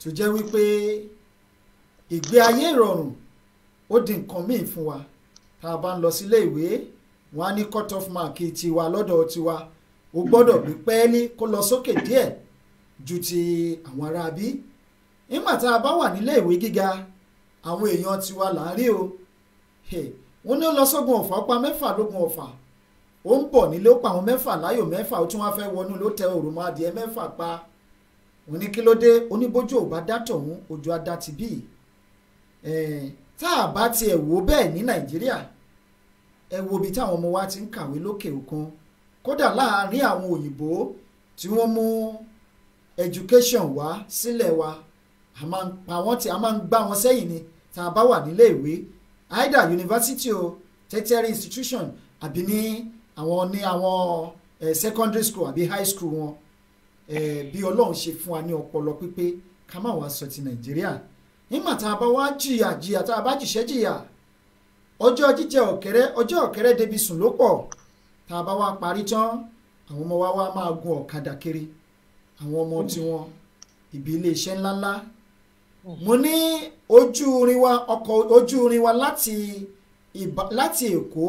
tó jẹ́ wípé ìgbé ayé ìrọ̀rùn ó di nǹkan míì fún wa tá a bá ń lọ sílé ìwé wọ́n á ní cut off mark tiwa lọ́dọ̀ tiwa ó gbọ́dọ̀ gbé pẹ́ẹ́lí kó lọ sókè díẹ̀ ju ti àwọn ará bí nígbà tá a bá wà nílé ìwé gíga àwọn èèyàn tiwa là ń rí o wọ́n ní ó lọ sógun ọ̀fà ó pa mẹ́fà lógun ọ̀fà ó ń bọ̀ nílé ó pa àwọn mẹ́fà láyò mẹ́fà ó tún wá fẹ́ wọnú ló tẹ òrùmọ adìẹ mẹ́fà pa wọ́n ní kí ló dé oníbójú ò bá dá tọ̀hún ojú adá ti bíi tá a bá tiẹ̀ wò bẹ́ẹ̀ ní nàìjíríà ẹ wo ibi táwọn ọmọ wa ti ń kàwé lókè òkun kódà láàárín àwọn òyìnbó tí wọ́n mú education wá sílẹ̀ wa a máa ń pa tí a máa ń gbá wọn sẹ́yìn ni tá a bá wà nílé ìwé either university o tertiary institution àbí ní àwọn ní àwọn secondary school àbí high school wọn bí ọlọ́run ṣe fún wa ní ọpọlọ pípé ká má wàá sọ ti nàìjíríà nígbà tá a bá wá jìyà jìyà tá a bá jìṣẹ́ jìyà ọjọ́ jíjẹ ọ̀kẹ́rẹ́ ọjọ́ ọ̀kẹ́rẹ́ débi sùn ló pọ̀ tá a bá wá parí tán àwọn ọmọ wa wá máa gun ọ̀kadà kiri àwọn ọmọ tiwọn ibi iléeṣẹ́ ńláńlá mo ní ojú irin wa ọkọ̀ ojú irin wa láti ìbá láti èkó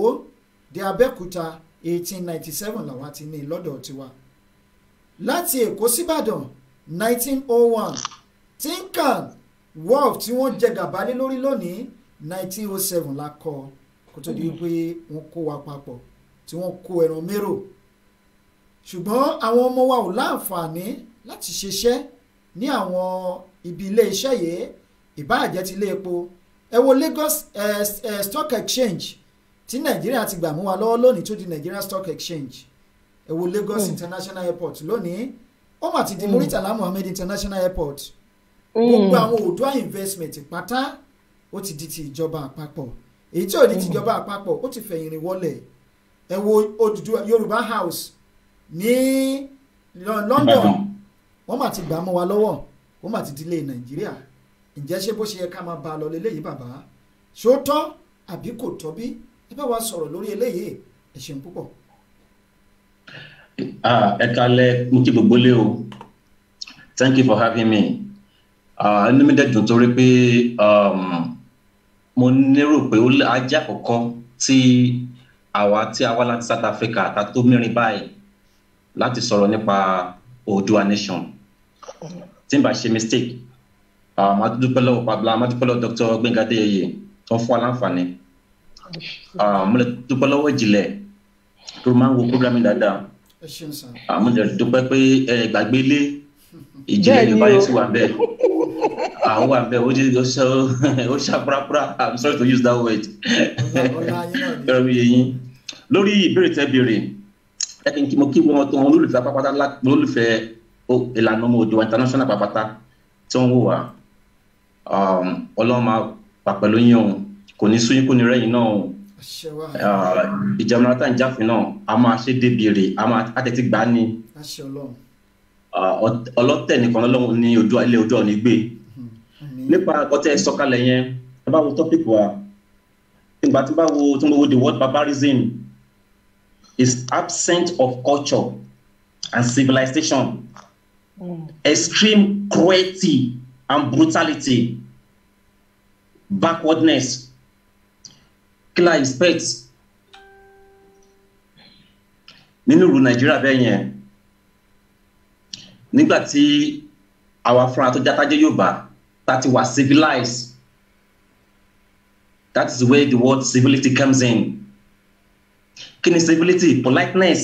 dé abẹ́òkúta eighteen ninety seven làwa ti ní lọ́dọ̀ tiwa láti èkó síbàdàn nineteen oh one tinkan wolf tí wọ́n jẹ gàba lórí lónìí nineteen oh seven la kọ kó tó di mm-hmm. pé wọ́n kó wa papọ̀ tí wọ́n kó ẹran mérò ṣùgbọ́n àwọn ọmọ wa ò láǹfààní láti ṣiṣẹ́ ní àwọn ibi ilé iṣẹ́ yìí ìbáàjẹ́ ti ilé epo ẹ wo Lagos eh, eh, Stock Exchange Ti Nàìjíríà ti gbà mú wa lọ́wọ́ lónìí tó di Nigeria Stock Exchange ẹ wo Lagos mm. International Airport lónìí ó mà ti di mm. Muritala Muhammed International Airport mm. gbogbo àwọn Oòduà investment pátá ó ti di ti ìjọba àpapọ̀ èyí tí ò ní ti ìjọba mm-hmm. àpapọ̀ ó ti fẹ̀yìn rìn wọlẹ̀ ẹ wo Odùduwà Yorùbá House ní London wọ́n mà ti gbà mọ́ wa lọ́wọ́ wọ́n mà ti dílé Nàìjíríà ǹjẹ́ ṣé bó ṣe yẹ ká máa bá a lọ lélẹ́yìí bàbá ṣó tọ́ àbí kò tọ́ bí ẹ bá wa sọ̀rọ̀ lórí eléyìí ẹ ṣeun púpọ̀. ẹ kalẹ mo kí gbogbo lé o thank you for having me inú mi dẹ̀ dùn torí pé. Um, mo lérò pé ó ajá kọ̀ọ̀kan tí àwa tí a wá láti South Africa ta tó mẹ́rin báyìí láti sọ̀rọ̀ nípa Oòduà nation tí n bá ṣe mistake àmọ́ pabla àmọ́ dúpẹ́ lọ́wọ́ Dr. Gbẹ́ngà Adéyẹyè tó ń fún wa láǹfààní àmọ́ dúpẹ́ lọ́wọ́ ìjìnlẹ̀ tó máa ń wo programming dáadáa àmọ́ dúpẹ́ pé ẹ gbàgbé lé ìjìnlẹ̀ yorùbá yẹn sì wà bẹ́ẹ̀ àwọn wà bẹ́ẹ̀ ó jẹ́ ó ṣàpúrápúrá i'm sorry to use that word yọrọ mi yẹn yín lórí ìbéèrè tẹ́ béèrè ẹ kì í kí mo kí wọn tó wọn olólùfẹ́ pápátá olólùfẹ́ ìlànà ọmọ òdò international pápátá tí wọ́n wò wá um, ọlọ́run máa pa pẹ̀lú yín o kò ní sún yín kò ní rẹ́yìn náà o ìjàm̀bá tá à ń jáfin náà a máa ṣe débìrè a máa tètè gbá ni ọlọ́tẹ̀ nìkan lọ́lọ́run ní ilé ojú ọ̀ní gbé hmm. nípa ọtẹ sọ̀kalẹ̀ yẹn ẹ bá wa ìgbà tí bá tí mo wo the word barbarism is absent of culture and civilization hmm. extreme cruelty and brutality backwardness killer respect nínú ìlú Nàìjíríà bẹ́ẹ̀ yẹn nígbà tí àwa fúnra tó játájẹ́ Yorùbá tá ti wà civilized that is where the word civility comes in kí ni civility politeness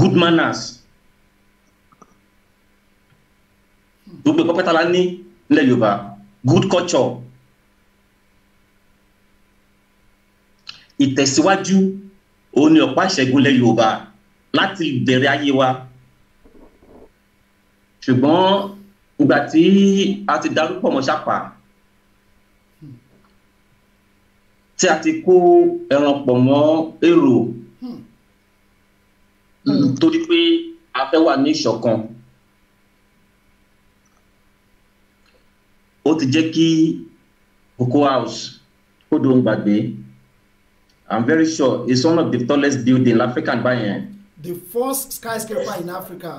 good manners gbogbo ìkọ́ pẹ́tàlá ní ilẹ̀ Yorùbá good culture ìtẹ̀síwájú òun ni ọ̀pá ìṣẹ́gun ilẹ̀ Yorùbá láti bẹ̀rẹ̀ ayé wa ṣùgbọ́n ìgbà tí a ti darúgbó ọmọ ṣàpà tí a ti kó ẹran pọ̀ mọ́ èrò hmm. Hmm. torí pé a fẹ́ wà ní ìṣọ̀kan ó ti jẹ́ kí Cocoa House kó dohun gbàgbé I'm very sure it's one of the tallest buildings in Africa by báyẹn. the first skyscraper in Africa.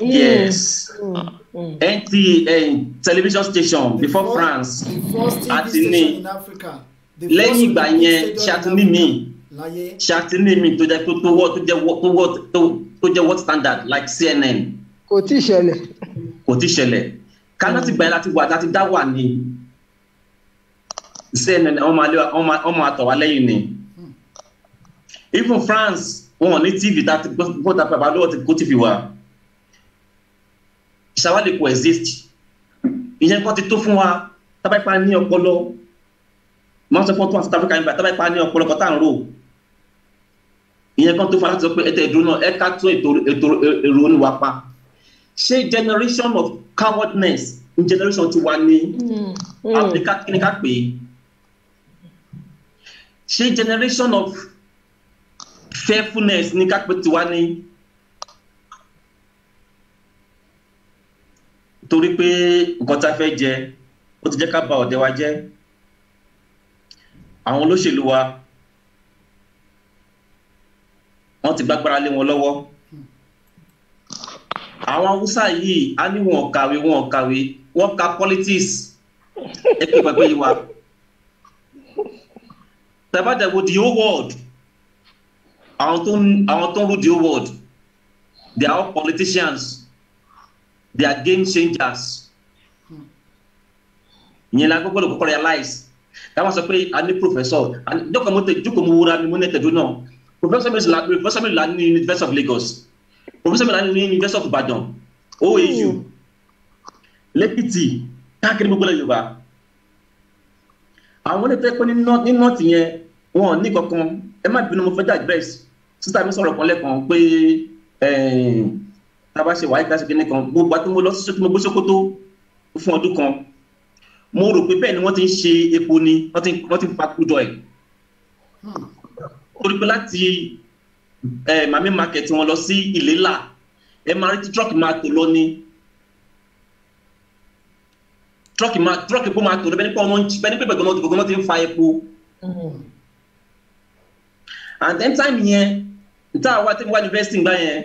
Yes. Mm. Mm. NTA eh, television station the before first, France. The first TV Atini. station in Africa. Lẹ́yìn ìgbà yẹn ṣàtúní mi ṣàtúní mi tó to tó tó wọ́ tó jẹ́ tó to tó jẹ́ world standard like CNN. Kò tí ì ṣẹlẹ̀. Kò tí ì ṣẹlẹ̀. Ká láti gbà yẹn láti wà láti dá wà ní CNN ọmọ àtọ̀wá lẹ́yìn ni. Hmm. Even France wọn ò ní TV tá a ti gbọ́ tá a pàpà lọ́wọ́ ti kó TV wá. Mm ṣá wá lè kó exist ìyẹn kọ́ ti tó fún wa tábà ipa ní ọpọlọ máa ń sọ fún tó àti tàbí kàyìnbá tábà ipa ní ọpọlọ kọ́tà ń rò ìyẹn kan tó fara sọ pé ẹtẹ ìdúró náà ẹka tó ètò èrò oníwà pa ṣé generation of cowardness ní generation ti wà ní hmm. Áfíríkà kíni ká pè é ṣé generation of fearfulness ní ká pè tiwa ní torí pé nǹkan tá a fẹ́ jẹ ó ti jẹ́ ká ba ọ̀dẹ̀ wa jẹ́ àwọn olóṣèlú wa wọ́n ti gbágbára lé wọn lọ́wọ́ àwọn haúsá yìí á ní wọn kàwé wọn kàwé wọn ka politics ẹ pé gbàgbé yìí wa tabadawo the whole world àwọn tó ń àwọn tó ń rú the whole world they are all politicians they are game changers ìyẹn la gbọ́dọ̀ kọ́kọ́ realize táwọn sọ pé a ní professor jókòó mo tẹ jókòó mo wúra mi mo ní tẹ̀jú náà professor mi la professor mi la ní university of Lagos professor mi la ní university of Ibadan OAU hmm. lẹ́kìtì káàkiri gbogbo ilẹ̀ Yorùbá àwọn onífẹ́ pé ní nọ́ọ̀tì yẹn wọn ò ní kankan ẹ má bínú mo fẹ́ dá address sísá mi sọ̀rọ̀ kan lẹ́kan pé ẹ̀ẹ́ eh, tábà ṣe wáyé kíláàsì kìíní kan gbogbo àti mo lọ sí sọtún gbogbo Sókótó fún ọdún kan mo rò pé bẹ́ẹ̀ ni wọ́n ti ń ṣe epo ni wọ́n ti ń pakújọ ẹ̀ torí pé láti mami market wọn lọ sí ìlélà ẹ máa rí tí truck máa tò lọ ni truck máa truck epo máa tò lọ bẹ́ẹ̀ ni pé ọmọ bẹ́ẹ̀ ni pé gbẹ̀gbọ́n ti ń fa epo mm-hmm. and then time yẹn níta wá tí mo wá university gbá yẹn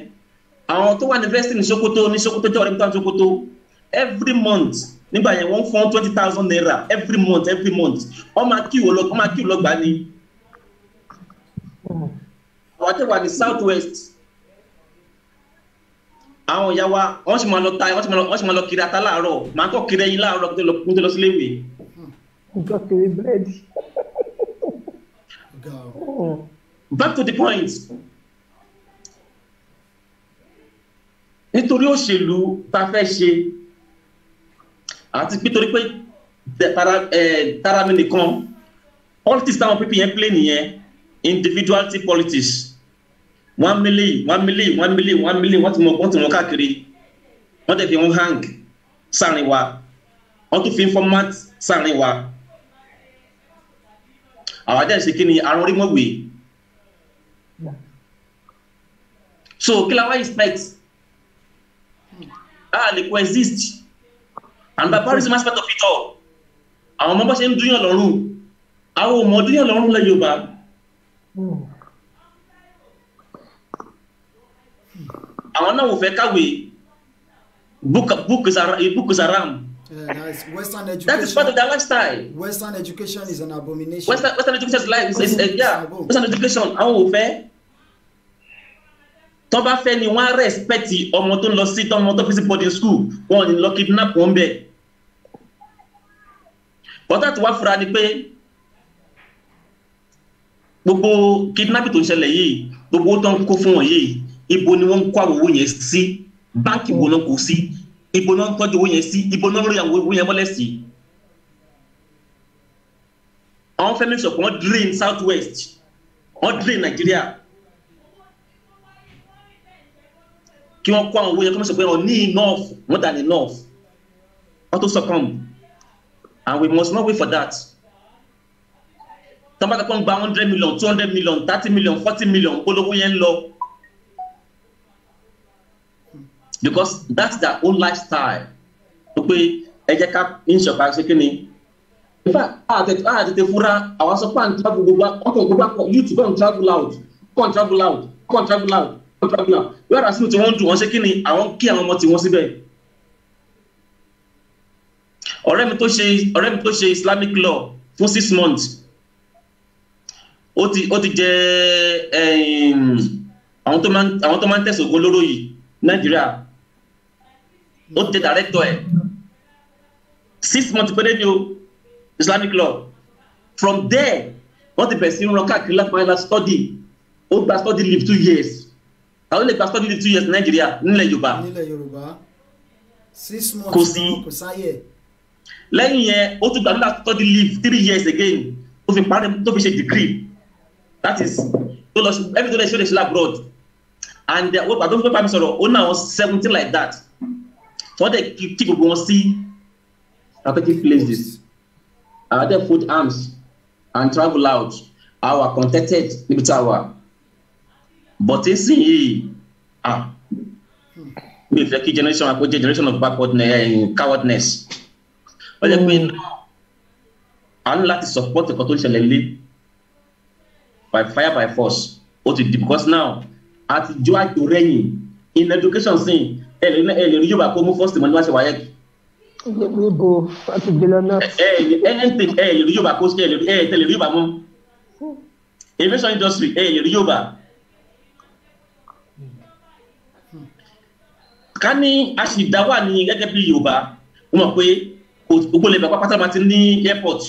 àwọn tó wà ní university ní Sokoto ní Sokoto jẹ́ ọ̀rẹ́bí tó ní Sokoto every month nígbà yẹn wọ́n fún twenty thousand naira every month every month wọ́n máa kí ìwòlọ́ wọ́n máa kí ìwòlọ́ gbà hmm. ní. àwọn àtẹ̀wà ní south west àwọn ìyá wa wọ́n sì máa lọ ta wọ́n sì máa lọ wọ́n sì máa lọ kiri ata láàárọ̀ màá kọ́ kiri ẹyin láàárọ̀ kí n tó lọ sílé ìwé. Hmm. ọjọ́ kiri búrẹ́dì. Hmm. back to the point. nítorí òṣèlú tá a fẹ́ ṣe àti nítorí pé eh, eh, tara mi nìkan politics táwọn pípín yẹn play nìyẹn individuality politics wọ́n mílí wọ́n mílí wọ́n mílí wọ́n mílí wọ́n ti mọ wọ́n ti mọ káàkiri wọ́n tẹ̀ fi wọ́n hang sáàrin wa wọ́n tún fi format sáàrin wa àwọn ajá ìṣèké ni àrùn orí mọ̀wé so kí la wá expect a ah, lè coexist and by parism part of it all àwọn ọmọ bá ṣe ń dúyàn lọ́rùn àwọn ọmọ dúyàn lọ́rùn lẹ Yorùbá. àwọn náà wò fẹ́ kàwé book saram. That is part of their lifestyle. Western education is an abomination. Western, Western education is like Is, is, uh, yeah, Western education. Àwọn ò fẹ́ tó bá fẹ́ ni wọ́n á rẹ́spẹ̀tì ọmọ tó ń lọ sí tọ́mọ tó fi sí boarding school wọn ò ní lọ kidnap wọn bẹ́ẹ̀. bọ́tà tí wàá fura ni pé gbogbo kidnap tó ń ṣẹlẹ̀ yìí gbogbo tó ń kó fún wọn yìí ibo ni wọ́n ń kó àwòwò yẹn sí báńkì wo náà kò sí ibo náà ń tọ́jú owó yẹn sí ibo náà ń rí àwọn owó yẹn mọ́lẹ̀ sí. àwọn fẹ́mi sọ̀kùn wọ́n drain south west wọ́n drain nàìjíríà kí wọ́n kó àwọn owó yẹn kí wọ́n sọ pé ọ oh, ní enough more than enough wọ́n tó succumb hmm. and we must not wait for that tọ́ba tó kọ́ ń gba hundred million two hundred million thirty million forty million polówó yẹn ń lọ because that's their own lifestyle tó pé ẹ jẹ́ ká ń ṣọ̀pá ṣe kí ni in fact a tètè fura àwọn sọ pé à ń travel gbogbo ọkọ̀ gbogbo youth go n travel out, go n travel out, go n travel out kọ́ńtàkùlà wíwá sínú tí wọ́n ń dùn wọ́n ṣe kí ni àwọn kí àwọn ọmọ tiwọn síbẹ̀. ọ̀rẹ́ mi tó ṣe ọ̀rẹ́ mi tó ṣe Islamic law fún six months ó ti ó ti jẹ àwọn tó máa àwọn tó máa ń tẹ̀sán ògùn olóró yìí Nàìjíríà ó ti jẹ director ẹ̀ six months péré ni o Islamic law from there wọ́n ti bẹ̀rẹ̀ sí ń ran káàkiri láti máa ń la study ó gba study leave two years tàwọn lè gba study leave two years Nigeria nílẹ̀ yorùbá. nílẹ̀ yorùbá six months kò sí kò sáyẹ̀. lẹ́yìn yẹn ó tún gbàdúrà study leave three years again tó fi parí tó fi ṣe degree that is tó lọ every day ṣe lè ṣe abroad and uh, wọ́n gbàdúrà fún pépà mi sọ̀rọ̀ ó ní àwọn seventeen like that wọ́n dẹ̀ kí gbogbo wọn sí strategic places àwọn dẹ̀ fold arms and travel out our contented níbi tí But sìn yìí mi ò fẹ́ kí generation wa kó jẹ́ generation of backwardness eh, ó jẹ́ pé hmm. a ní láti support ẹ̀kọ́ tó ń ṣẹlẹ̀ lé by fire by force ó ti di because now a ti jó àjò rẹ̀yìn in education sìn ẹ lè rí Yorùbá kó mú first money wá ṣe wáyé kì níbo wọn ti gbé lọ náà. ẹ ẹ ẹ ẹ lè rí Yorùbá kó ẹ lè rí Yorùbá mú aviation industry ẹ lè rí Yorùbá ká ní a sì dá wà ní gẹ́gẹ́ bí Yorùbá wọ́n mọ̀ pé gbogbo ilẹ̀ ìbàpá pátá máa ti ní airport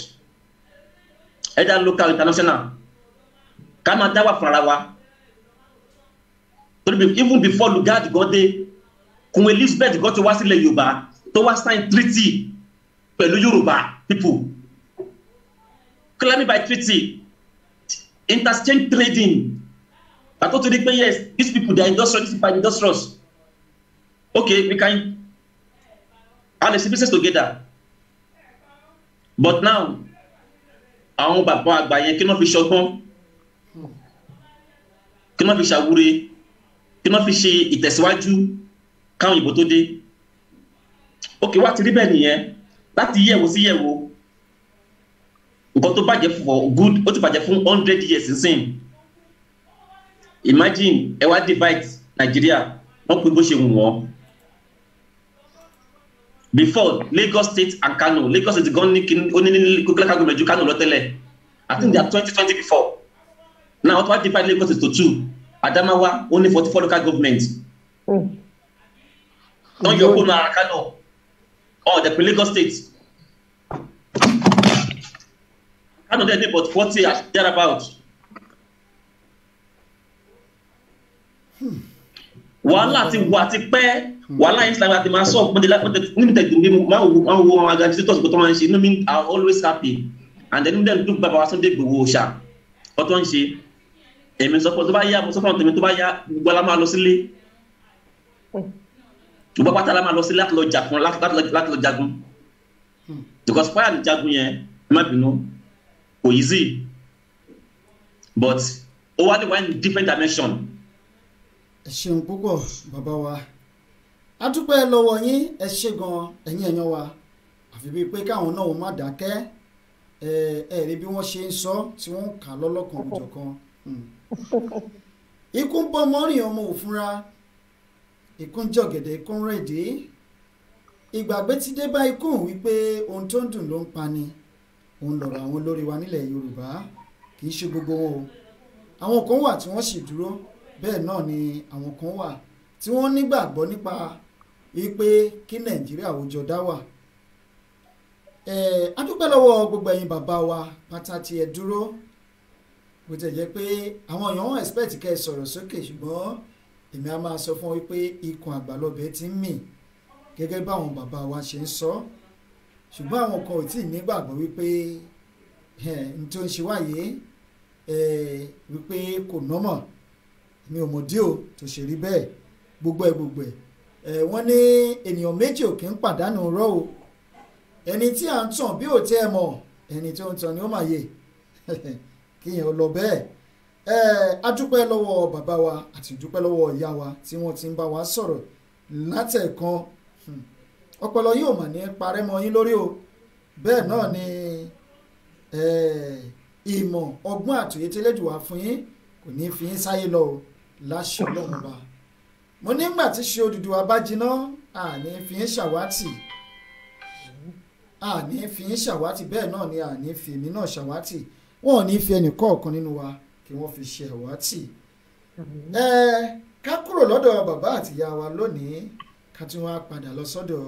ẹ̀dá local international ká máa dá fúnra wa torí even before Lugard gan dé Queen Elizabeth gan ti wá sílẹ̀ Yorùbá tó wá sign treaty pẹ̀lú Yorùbá people claiming by treaty interchange trading pàtó tó pé yes these people they are industrial these people are industrious okay we can have the business together but now àwọn bàbá àgbà yẹn kí wọ́n fi ṣọgbọ́n kí wọ́n fi ṣàwúre kí wọ́n fi ṣe ìtẹ̀síwájú káwọn ìbò tó dé okay wá ti rí bẹ́ẹ̀ nìyẹn láti yẹ̀wò sí yẹ̀wò nǹkan tó bàjẹ́ for good ó ti bàjẹ́ fún hundred years nsìn imagine ẹ wá divide Nigeria wọ́n pín bó ṣe wù wọ́n before Lagos State and Kano Lagos State gan ní kí onílé ní local government Kano lọ tẹ́lẹ̀ I think they are twenty twenty before now wọ́n ti divide Lagos State to two Adamawa only forty four local government don yọ kó na Kano or the Lagos State Kano dey dey but forty thereabouts. wàhálà ti wà ti pẹ́ wàhálà yìí sílágbà máa sọ pẹ́ntẹ́lá pẹ́ntẹ́lá mi máa wo máa wo àwọn agitators kò tó máa ń ṣe inú mi are always happy and then dem dùn bàbá wa Sunday Igboho ṣá ọtọ́ ń ṣe èmi sọ fún tó bá yá sọ fún àwọn tó bá yá gbogbo ala máa lọ sílé gbogbo apáta ala máa lọ sílé láti lọ jagun láti lọ jagun because fire ni jagun yẹn má bínú kò easy but ó wá ní wá different dimension ẹ ṣeun púpọ̀ bàbá wa a dúpẹ́ lọ́wọ́ yín ẹ ṣe gan ẹ̀yin èèyàn wa àfi bíi pé káwọn náà má dákẹ́ ẹ ẹ rí bí wọ́n ṣe ń sọ tí wọ́n ń kà lọ́lọ́kan òjọ̀kan hmm. ikú ń bọ́ mọ́rin ọmọ òfúnra ikú ń jọ̀gẹ̀dẹ̀ ikú ń rèdè ìgbàgbé ti dé bá ikú wípé ohun tó ń dùn ló ń pani òun lọ̀rọ̀ àwọn olórí wa nílẹ̀ Yorùbá kì í ṣe gbogbo wọn o àwọn kan wà tí wọ́n sì dúró bẹ́ẹ̀ náà ni àwọn kan wà tí wọ́n nígbàgbọ́ nípa wípé kí nàìjíríà àwùjọ dá wà a dúpẹ́ lọ́wọ́ gbogbo ẹ̀yin bàbá wa pàtàkì ẹ̀ dúró bó tẹ̀ jẹ́ pé àwọn èèyàn wọn expect kẹ́ ẹ sọ̀rọ̀ sókè ṣùgbọ́n èmi a máa sọ fún ọ wípé ikùn àgbàlọ́bẹ̀ ti ń mì gẹ́gẹ́ báwọn bàbá wa ṣe ń sọ ṣùgbọ́n àwọn kan ò tí ì nígbàgbọ́ wípé n tó ń ṣe wáyé wípé kò nọ́mọ̀ mi ò mọ̀dí o tó ṣe rí bẹ́ẹ̀ gbogbo ẹ̀ gbogbo ẹ̀ wọ́n ní ènìyàn méjì ò kí ń pàdánù rọ́ o ẹni tí à ń tàn bí ò tẹ́ ẹ mọ̀ ẹni tó ń tàn ni ó mà yè kíyàn lọ bẹ́ẹ̀ ẹ adúpẹ́ lọ́wọ́ bàbá wa àti dúpẹ́ lọ́wọ́ ìyá wa tí wọ́n ti ń bá wa sọ̀rọ̀ látẹ̀kan hmm. ọpọlọ yóò mà ní parẹ́ mọ́ yín lórí o bẹ́ẹ̀ náà ni ìmọ̀ ọgbọ́n àtòyétélẹ́dùwà fún yín kò ní fi yín sáyé lọ o láṣẹ ọlọ́run ọba mo nígbà tí ṣe Odùduwà bá jiná àní fi ń ṣàwátì àní fi ń ṣàwátì bẹ́ẹ̀ náà ni àní fi èmi náà ṣàwátì wọn ò ní fi ẹnì kọ̀ọ̀kan nínú wa kí wọ́n fi ṣe àwátì ẹ ká kúrò lọ́dọ̀ bàbá àtìyá wa lónìí ká tí wọ́n á padà lọ sọ́dọ̀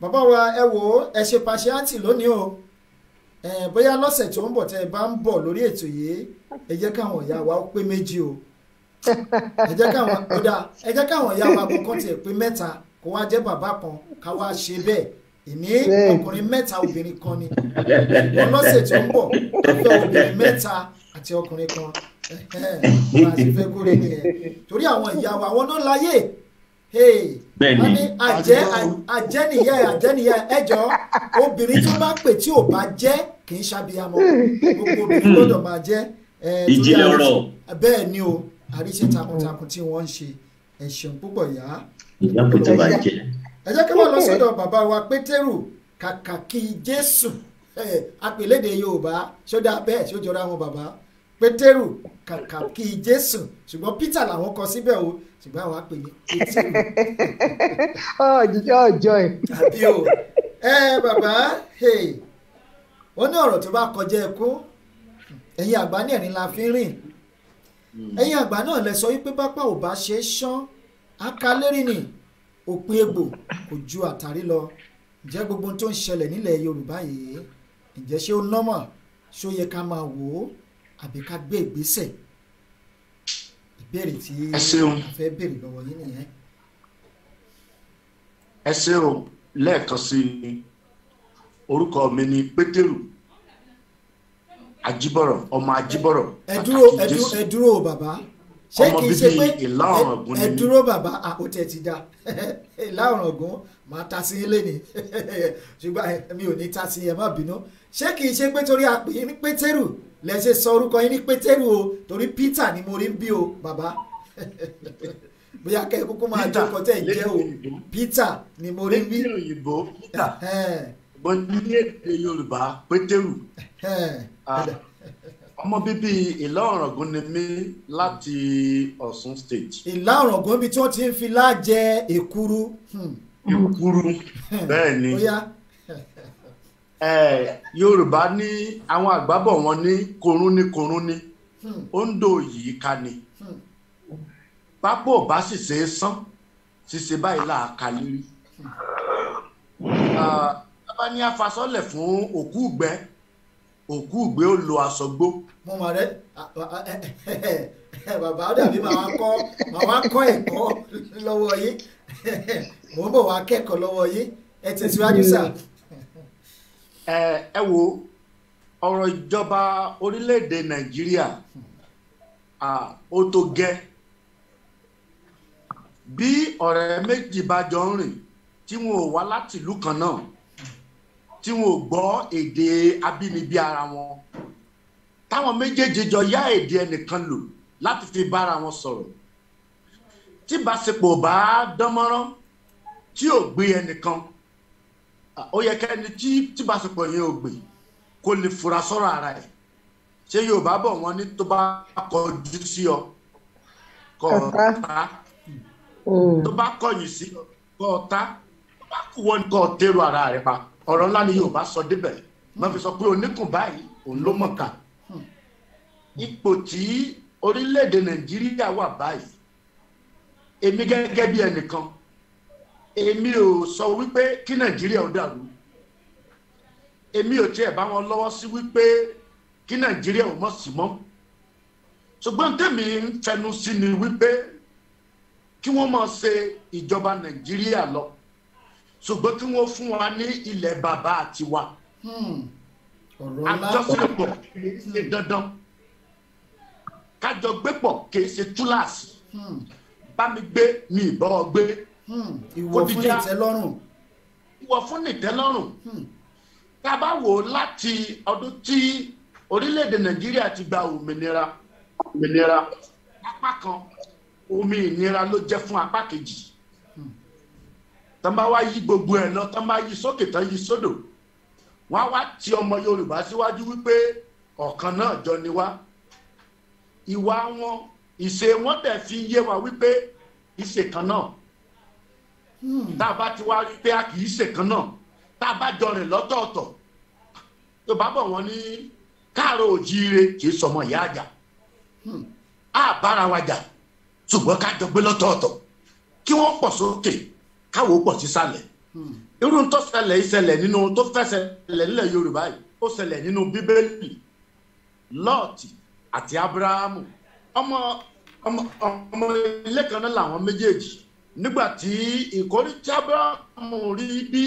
bàbá wa ẹ wò ó ẹ ṣe pàṣẹ àǹtì lónìí o bóyá lọ́sẹ̀ tó ń bọ̀ tẹ́ ẹ bá ń bọ̀ lórí ètò yìí ẹ jẹ́ káwọn ìyá wa ó pé méjì o ẹ jẹ́ káwọn ọ̀dà ẹ jẹ́ káwọn ìyá wa kọ̀ọ̀kan tiẹ̀ pé mẹ́ta kó wá jẹ́ bàbá kan ká wá ṣe bẹ́ẹ̀ èmi ọkùnrin mẹ́ta obìnrin kan ni wọn lọ́sẹ̀ tó ń bọ̀ ọ̀dọ̀ obìnrin mẹ́ta àti ọkùnrin kan wọn àti fẹ́ kúrẹ́ nìyẹn torí àwọn ìyá wa wọn náà láyè wọ́n ní àjẹ́ àjẹ́ nìyá ẹ̀ àjẹ́ obìnrin tó bá pè tí ò bá jẹ́ kì í ṣàbíyamọ gbogbo obìnrin gbọ́dọ̀ máa jẹ́ ìjìnlẹ̀ ọ̀rọ̀ bẹ́ẹ̀ o àríṣẹ́ takuntakun tí wọ́n ń ṣe ẹ ṣeun púpọ̀ yá. ìyàpò tó bá jẹ. ẹ jẹ́ kí wọ́n lọ sọ́dọ̀ bàbá wa pétérù kàkà kí jésù àpèlédè yorùbá sódà bẹ́ẹ̀ sójọra wọn bàbá pétérù kàkà kí jésù ṣùgbọ́n peter làwọn kọ síbẹ̀ o ṣùgbọ́n àwọn àpè ní pétérù. ọjọ́ oh, oh, ẹ̀. àbí o ẹ bàbá wọ́n ní ọ̀rọ̀ tó bá kọjá ẹkún ẹ̀yin àgbá ní ẹ̀rín la fi ń rìn Hmm. ẹ̀yin àgbà náà lẹ sọ wípé bápá ò bá ṣe é ṣán akalérì ni òpin egbò kò ju àtàrí lọ ǹjẹ́ gbogbo ohun tó ń ṣẹlẹ̀ nílẹ̀ Yorùbá yìí ǹjẹ́ ṣé ó nọ́mọ̀ ṣó yẹ ká máa wò ó àbí ká gbé ìgbésẹ̀ ìbéèrè tí a fẹ́ béèrè lọ́wọ́ yín nìyẹn. ẹ ṣé o lẹ́ẹ̀kan sí i orúkọ mi ni Pétérù Ajíbọ̀rọ̀ ọmọ Ajíbọ̀rọ̀ pàtàkì Jésù ẹ dúró bàbá ṣé kì í ṣe pé ìlà ọ̀ràngún ni ẹ dúró bàbá àkótẹ́ ti dá ìlà ọ̀ràngún máa ta sí ilé ni ṣùgbọ́n mi ò ní ta sí ẹ má bínú ṣé kì ṣe pé torí àpè ní Pétérù lẹ ṣe sọ orúkọ yín ní Pétérù o torí Peter ni mo rí ń bí o bàbá bóyá kẹ́ ẹ kúkú máa jókòó tẹ̀ jẹ́ o Peter ni mo rí ń bí. lédè òyìnbó Peter gbọ́n ní èdè Yorùbá Pétérù ọmọ bíbí ìlà ọ̀ràngún ni mí láti ọ̀ṣun state. ìlà ọ̀ràngún ibi tí wọ́n ti ń fi láàjẹ èkuru. Hmm. èkuru hmm. bẹ́ẹ̀ ni yorùbá ní àwọn àgbábọ̀ wọn ní korún ní korún ní hmm. ondo yìí ká ni pápó ò bá sì ṣe é sán ṣíṣe báyìí là á ka lérí. Ah, ní afasọ́lẹ̀ fún òkú gbẹ́ òkú ìgbé ó lo aṣọ gbó. mo mọ̀ rẹ́ eh, eh, eh, bàbá ó dàbí màá kọ́ màá kọ́ ẹ̀kọ́ lọ́wọ́ yín mò ń bọ̀ wá kẹ́kọ̀ọ́ lọ́wọ́ yín ẹ tẹ̀síwájú sà. ẹ wo ọ̀rọ̀ ìjọba orílẹ̀-èdè nàìjíríà ó tó gẹ́ bí ọ̀rẹ́ méjì bá jọ ń rìn tí wọn ò wá láti ìlú kan náà tí wọn ò gbọ́ èdè abínibí ara wọn táwọn méjèèjì jọ yá èdè ẹnìkan lò láti fi bára wọn sọ̀rọ̀ tí ìbáṣepọ̀ bá dánmọ́rán tí ò gbé ẹnìkan ó yẹ kẹ́ni tí ìbáṣepọ̀ yẹn ò gbé kó lè fura sọ̀rọ̀ ara ẹ̀ ṣé yorùbá bọ̀ wọ́n ní tó bá kọjú sí ọ kọ ọ̀tá hmm. tó bá kọyìn sí ọ kọ ọ̀tá tó bá kú wọn kọ ọ̀tẹ́rù ara rẹ̀ pa ọ̀rọ̀ ńlá ni Yorùbá sọ débẹ̀ wọ́n fi sọ pé oníkùn báyìí òun ló mọ̀ọ́ká hmm. ipò tí orílẹ̀-èdè Nàìjíríà wà báyìí èmi gẹ́gẹ́ bí ẹnìkan èmi ò sọ wípé kí Nàìjíríà ó dàrú èmi ò tiẹ̀ bá wọn lọ́wọ́ sí wípé kí Nàìjíríà ò mọ̀ sí mọ́ ṣùgbọ́n tèmi ń fẹnu sí ni wípé kí wọ́n máa ṣe ìjọba Nàìjíríà lọ ṣùgbọ́n kí wọ́n fún wa ní ilẹ̀ bàbá àtiwa àjọṣepọ̀ hmm. kìí ṣe dandan kájọ gbépọ̀ kìí ṣe túláàsì hmm. bá mi gbé mi ìbọ̀rọ̀ gbé hmm. ìwọ fún ìtẹ́lọ́rùn ìwọ fún ìtẹ́lọ́rùn tá a bá wò ó láti ọdún tí orílẹ̀-èdè nàìjíríà ti gba òmìnira òmìnira apá kan omi ìnira ló jẹ́ fún apá kejì tán bá wá yí gbogbo ẹ̀ lọ tán bá yí sókè tán yí sódò wá wá ti ọmọ Yorùbá síwájú wípé ọ̀kan náà jọ ni wá ìwà wọn ìṣe wọn dẹ̀ fi yé wa wípé ìṣe kan náà hmm. tá a bá ti wá rí pé a kì í ṣe kan náà tá a bá jọ rìn lọ́tọ̀ọ̀tọ̀ tó bá bọ̀ wọ́n ní káàárọ̀ òjíire kì í sọmọ ìyá àjà á hmm. bára wa jà ṣùgbọ́n ká jọ gbé lọ́tọ̀ọ̀tọ̀ kí wọ́n pọ̀ sókè káwọ pọ̀ sísàlẹ̀ hmm. irú tó ṣẹlẹ̀ ìṣẹ̀lẹ̀ nínú tó fẹsẹ̀ ṣẹlẹ̀ nílẹ̀ yorùbá yìí ó ṣẹlẹ̀ nínú bíbélì lọ́ọ̀tì àti abrahamu ọmọ ọmọ ọmọ ilé kan náà làwọn méjèèjì nígbà tí ìkórè tí abrahamu rí bí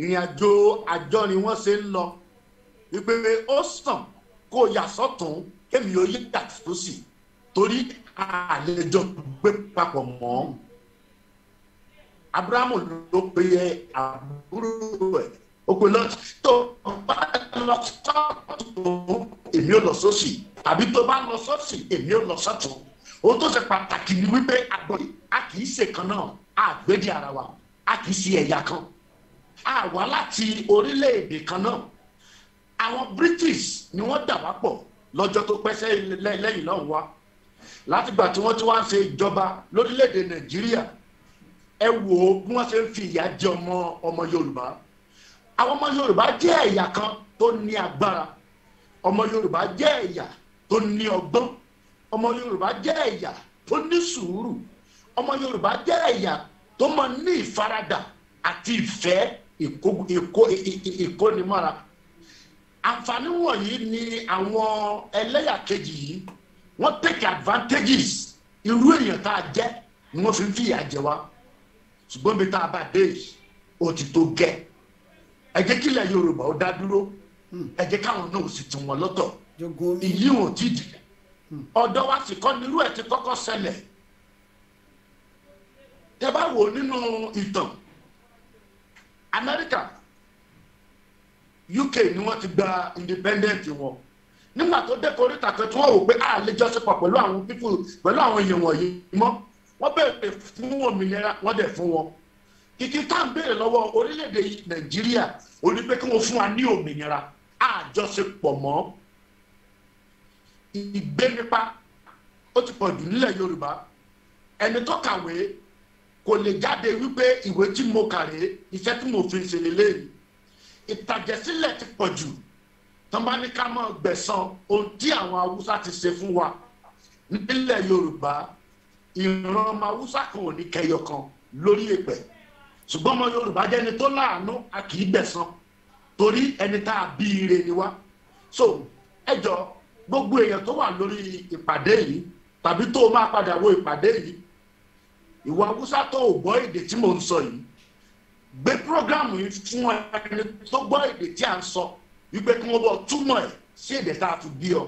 ìrìn àjọ ni wọ́n ṣe ń lọ wípé ó sàn kó yà sọ́tún kémi ó yà sósì torí àlejò gbé papọ̀ mọ́ abrahamu ló pe àbúrò ẹ̀ ó pe lọ́tì tó bá lọ sọ́tún èmi ò lọ sọ́sì àbí tó bá lọ sọ́sì èmi ò lọ sọ́tún ohun tó ṣe pàtàkì ni wípé àgbọ̀yìn a kì í ṣe kan náà a gbédè ara wa a kì í ṣe ẹ̀yà kan a wá láti orílẹ̀-èdè kan náà àwọn British ni wọ́n dà wá pọ̀ lọ́jọ́ tó pẹ́ sẹ́yìn lẹ́yìn lọ́hùn wa látìgbà tí wọ́n ti wá ń ṣe ìjọba lórílẹ̀-èdè Nàìjíríà ẹ wò ó bí wọ́n ṣe ń fi ìyà jẹ ọmọ ọmọ yorùbá àwọn ọmọ yorùbá jẹ́ ẹ̀yà kan tó ní agbára ọmọ yorùbá jẹ́ ẹ̀yà tó ní ọgbọ́n ọmọ yorùbá jẹ́ ẹ̀yà tó ní sùúrù ọmọ yorùbá jẹ́ ẹ̀yà tó máa ní ìfaradà àti ìfẹ́ ìkónimára àǹfààní wọ̀nyí ni àwọn ẹlẹ́yà kejì yìí wọ́n take advantages irú èèyàn tá a jẹ́ ni wọ́n fi ń fìyà jẹ wá ṣùgbọ́n mi tá a bá dé yìí ó ti tó gẹ́ ẹ jẹ́ kílẹ̀ Yorùbá ó dá dúró hmm. ẹ jẹ́ káwọn náà ó sì ti wọn lọ́tọ̀ ìyí wọn ò tí dì hmm. ọ̀dọ̀ wa sì kọ́ nírú ẹ̀ ti kọ́kọ́ ṣẹlẹ̀ tẹ bá wò nínú ìtàn Amẹ́ríkà UK ni wọ́n ti gba independent wọn nígbà tó dé koríta kan tí wọ́n wò pé a lè jọ́sìn pọ̀ pẹ̀lú àwọn pípù pẹ̀lú àwọn èèyàn wọ̀nyí mọ́ wọ́n béèrè fún òmìnira wọ́n dẹ̀ fún wọn kìkì tá à ń béèrè lọ́wọ́ orílẹ̀-èdè nàìjíríà ó ní pé kí wọ́n fún wa ní òmìnira àjọṣepọ̀ mọ́ ìgbé nípa ó ti pọ̀ jù nílẹ̀ yorùbá ẹni tó kàwé kò lè jáde wípé ìwé tí mo kàré iṣẹ́ tí mo fi ṣe lélẹ́yìn ìtàjẹ̀sílẹ̀ ti pọ̀ jù tán bá ní ká mọ̀ gbẹ̀san ohun tí àwọn haúsá ti ṣe fún wa nílẹ̀ yorùbá ìran ọmọ haúsá kan ò ní kẹyọ kan lórí èpẹ̀ ṣùgbọ́n ọmọ yorùbá jẹ́ ẹni tó láàánú a kì í gbẹ̀san torí ẹni tá a bí ire ni wá so ẹ jọ gbogbo èèyàn tó wà lórí ìpàdé yìí tàbí tó o máa padà wo ìpàdé yìí ìwọ haúsá tó o gbọ́ èdè tí mo ń sọ yìí gbé programu yìí fún ẹni tó gbọ́ èdè tí a ń sọ wípé kí wọ́n bọ̀ túmọ̀ ẹ̀ sí èdè tá a fi bí ọ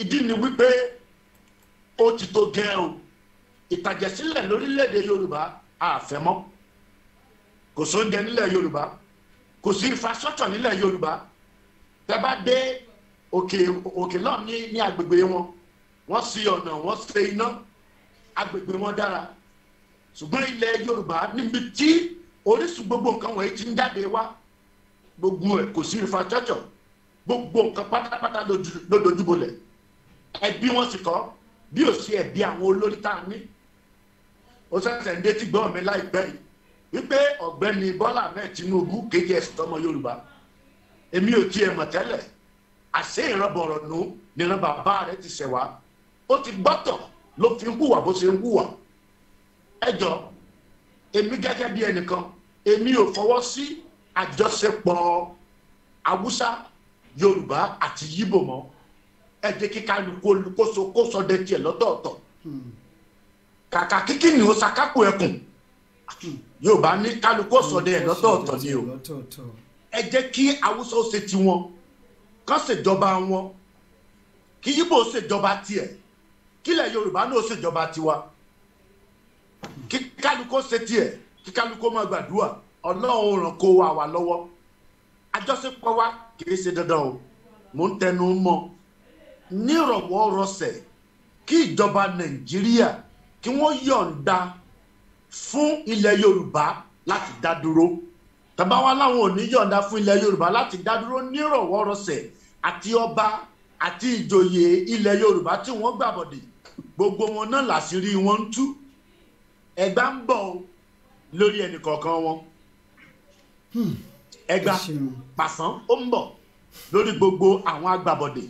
ìdí ni wípé ó ti tó gẹ́ o ìtàjẹ̀sílẹ̀ lórílẹ̀‐èdè yorùbá àfẹ́mọ́ kò sóúnjẹ nílẹ̀ yorùbá kò sí ìfasọ́tọ̀ nílẹ̀ yorùbá tẹ́ bá dé òkè òkè náà ní ní agbègbè wọn wọ́n ṣí ọ̀nà wọ́n ṣe iná agbègbè wọn dára ṣùgbọ́n ilẹ̀ yorùbá níbi tí orísun gbogbo nǹkan wọ̀nyí ti ń jáde wá gbogbo ẹ̀ kò sí ìfasọ́tọ̀ gbogbo nǹkan pátápátá ló dojúbolẹ̀ ẹbí wọn sì kọ́ bí ò sí ẹbí àwọn olórí tá a ní ó ṣẹ̀ṣẹ̀ ń détí gbọ́n mi láìpẹ́ yìí wípé ọ̀gbẹ́ni Bọ́lá Ahmed Tinubu kejì ẹ̀sìn tọmọ Yorùbá èmi ò tiẹ̀ mọ̀ tẹ́lẹ̀ àṣé ìran Bọ̀rọ̀nù nìran bàbá rẹ̀ ti ṣẹ̀wá ó ti gbọ́tọ̀ ló fi ń hùwà bó ṣe ń hùwà ẹjọ́ èmi gẹ́gẹ́ bí ẹnìkan èmi ò fọwọ́ sí àjọṣepọ̀ Haúsá Yorùbá àti Yíbò mọ́ ẹ jẹ́ kí olùkóso kó sọ dé tiẹ̀ lọ́tọ̀ọ̀tọ̀. Hmm kàkà kíkì ni ó ṣàkápò ẹkùn yorùbá ní kálukú ọ̀sọ̀dẹ ẹ̀ lọ́tọ̀ọ̀tọ̀ ni o ẹ jẹ́ kí haúsá ó ṣe tiwọn kán ṣèjọba wọn kí yíbò ó ṣèjọba tiẹ̀ kílẹ̀ yorùbá náà ó ṣèjọba tiwa kí kálukú ó ṣe tiẹ̀ kí kálukú ó máa gbàdúrà ọlọ́run ràn kó wa wà lọ́wọ́ àjọṣepọ̀ wa kìí ṣe dandan o mò ń tẹnu mọ́ nírọ̀wọ́ rọsẹ̀ kí ìjọba nàìjíríà kí wọ́n yọ̀ǹda fún ilẹ̀ yorùbá láti dá dúró tàbá wa láwọn ò ní yọ̀ǹda fún ilẹ̀ yorùbá láti dá dúró nírọ̀wọ́rọ̀sẹ̀ àti ọba àti ìjòyè ilẹ̀ yorùbá tí wọ́n gbàbọ̀dè gbogbo wọn náà làṣírí wọn ń tú ẹgbà ń bọ̀ lórí ẹnì wọn hmm. ẹgbà pàṣán ó ń bọ̀ lórí gbogbo àwọn agbàbọ̀dè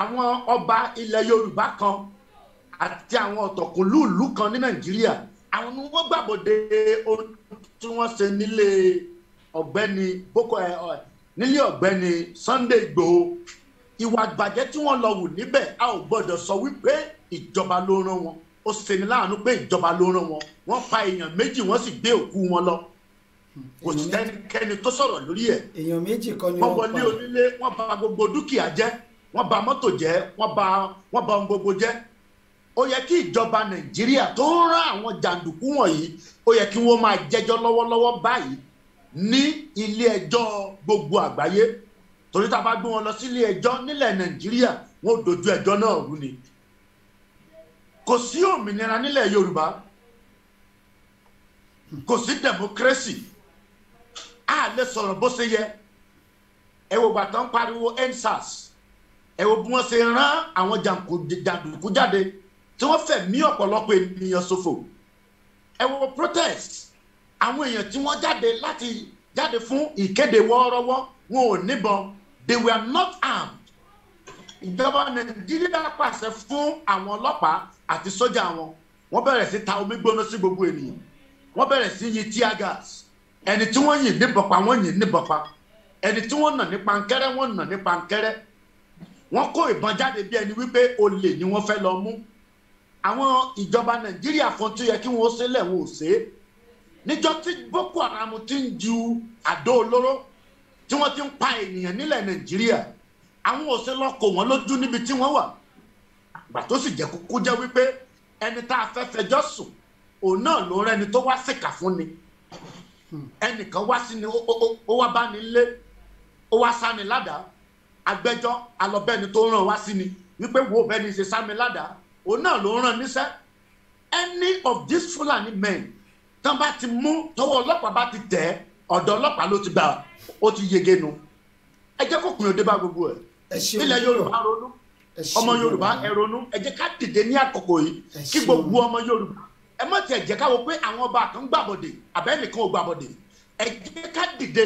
àwọn ọba ilẹ̀ yorùbá kan àti àwọn ọ̀tọ̀kùnlú ìlú kan ní nàìjíríà àwọn ni wọ́n gbàbọ̀dé ohun tí wọ́n ṣe nílé ọ̀gbẹ́ni boko ẹ̀ eh, nílé ọ̀gbẹ́ni Sunday Igboho ìwà àgbàjẹ́ tí wọ́n lọ wù níbẹ̀ a ò gbọ́dọ̀ sọ wípé ìjọba ló rán wọn ó ṣeni láàánú pé ìjọba ló rán wọn wọ́n pa èèyàn méjì wọ́n sì gbé òkú wọn lọ kò sí ẹnikẹ́ni tó sọ̀rọ̀ lórí ẹ̀ wọ́n wọlé onílé wọ́n bà gbogbo dúkìá jẹ́ wọ́n bà mọ́tò jẹ́ wọ́n bà wọ́n bà gbogbo jẹ́ ó yẹ kí ìjọba nàìjíríà tó ń rán àwọn jàǹdùkú wọ̀nyí ó yẹ kí wọ́n máa jẹ́jọ́ lọ́wọ́lọ́wọ́ báyìí ní ilé ẹjọ́ gbogbo àgbáyé torí tá a bá gbé wọn lọ sí ilé ẹjọ́ nílẹ̀ nàìjíríà wọn ò dojú ẹjọ́ náà rú ni kò sí òmìnira nílẹ̀ yorùbá kò sí democracy a lè sọ̀rọ̀ bó ṣe yẹ ẹ wo gbàtàn pariwo endsars ẹ wo bí wọ́n ṣe rán àwọn jàǹdùkú jáde tí wọ́n fẹ̀mí ọ̀pọ̀lọpọ̀ ènìyàn ṣòfò ẹ wo protest àwọn èèyàn tí wọ́n jáde láti jáde fún ìkéde wọ́ọ́rọ́wọ́ wọn ò níbọn they were not armed ìjọba nàìjíríà pàṣẹ fún àwọn ọlọ́pàá àti sójà wọn wọ́n bẹ̀rẹ̀ sí ta omi gbóná sí gbogbo ènìyàn wọ́n bẹ̀rẹ̀ sí yin tear gas ẹni tí wọ́n yìn níbọn pa wọ́n yìn níbọn pa ẹni tí wọ́n nà ní pankẹ́rẹ́ wọ́n nà ní pankẹ́rẹ́ wọ́n kó ìbọn jáde bí ẹni wípé olè ni wọ́n fẹ́ lọ mú àwọn ìjọba nàìjíríà kan tó yẹ kí wọn ó sílẹ̀ wọn ò ṣe é níjọ́ tí boko haram ti ń ju àdó olóró tí wọ́n ti ń pa ènìyàn nílẹ̀ nàìjíríà àwọn ò ṣe lọ kò wọ́n lójú níbi tí wọ́n wà gbà tó sì jẹ́ kúkú jẹ́ wípé ẹni tá a fẹ́ fẹjọ́ sùn òun náà ló rẹ́ ẹni tó wá ṣèkà fún ni ẹnìkan wá sí ni ó wá bá ní lé ó wá sá ni ládàá agbẹjọ́ alọ́bẹ́ni tó ràn wá sí ni wípé wo bẹ́ni ṣe sá mi ládàá òun náà ló rán níṣẹ́ any of these Fulani men tán bá ti mú tọwọ́ ọlọ́pàá bá ti tẹ̀ ọ̀dọ̀ ọlọ́pàá ló ti gbà ó ti yege nu ẹ jẹ́ kó kùn yóò dé bá gbogbo ẹ̀ nílẹ̀ Yorùbá ronú ọmọ Yorùbá ẹ ronú ẹ jẹ́ ká dìde ní àkókò yìí kí gbogbo ọmọ Yorùbá ẹ má tiẹ̀ jẹ́ káwọ pé àwọn ọba kan gbàbọ̀dè àbẹ́nìkan ò gbàbọ̀dè ẹ jẹ́ ká dìde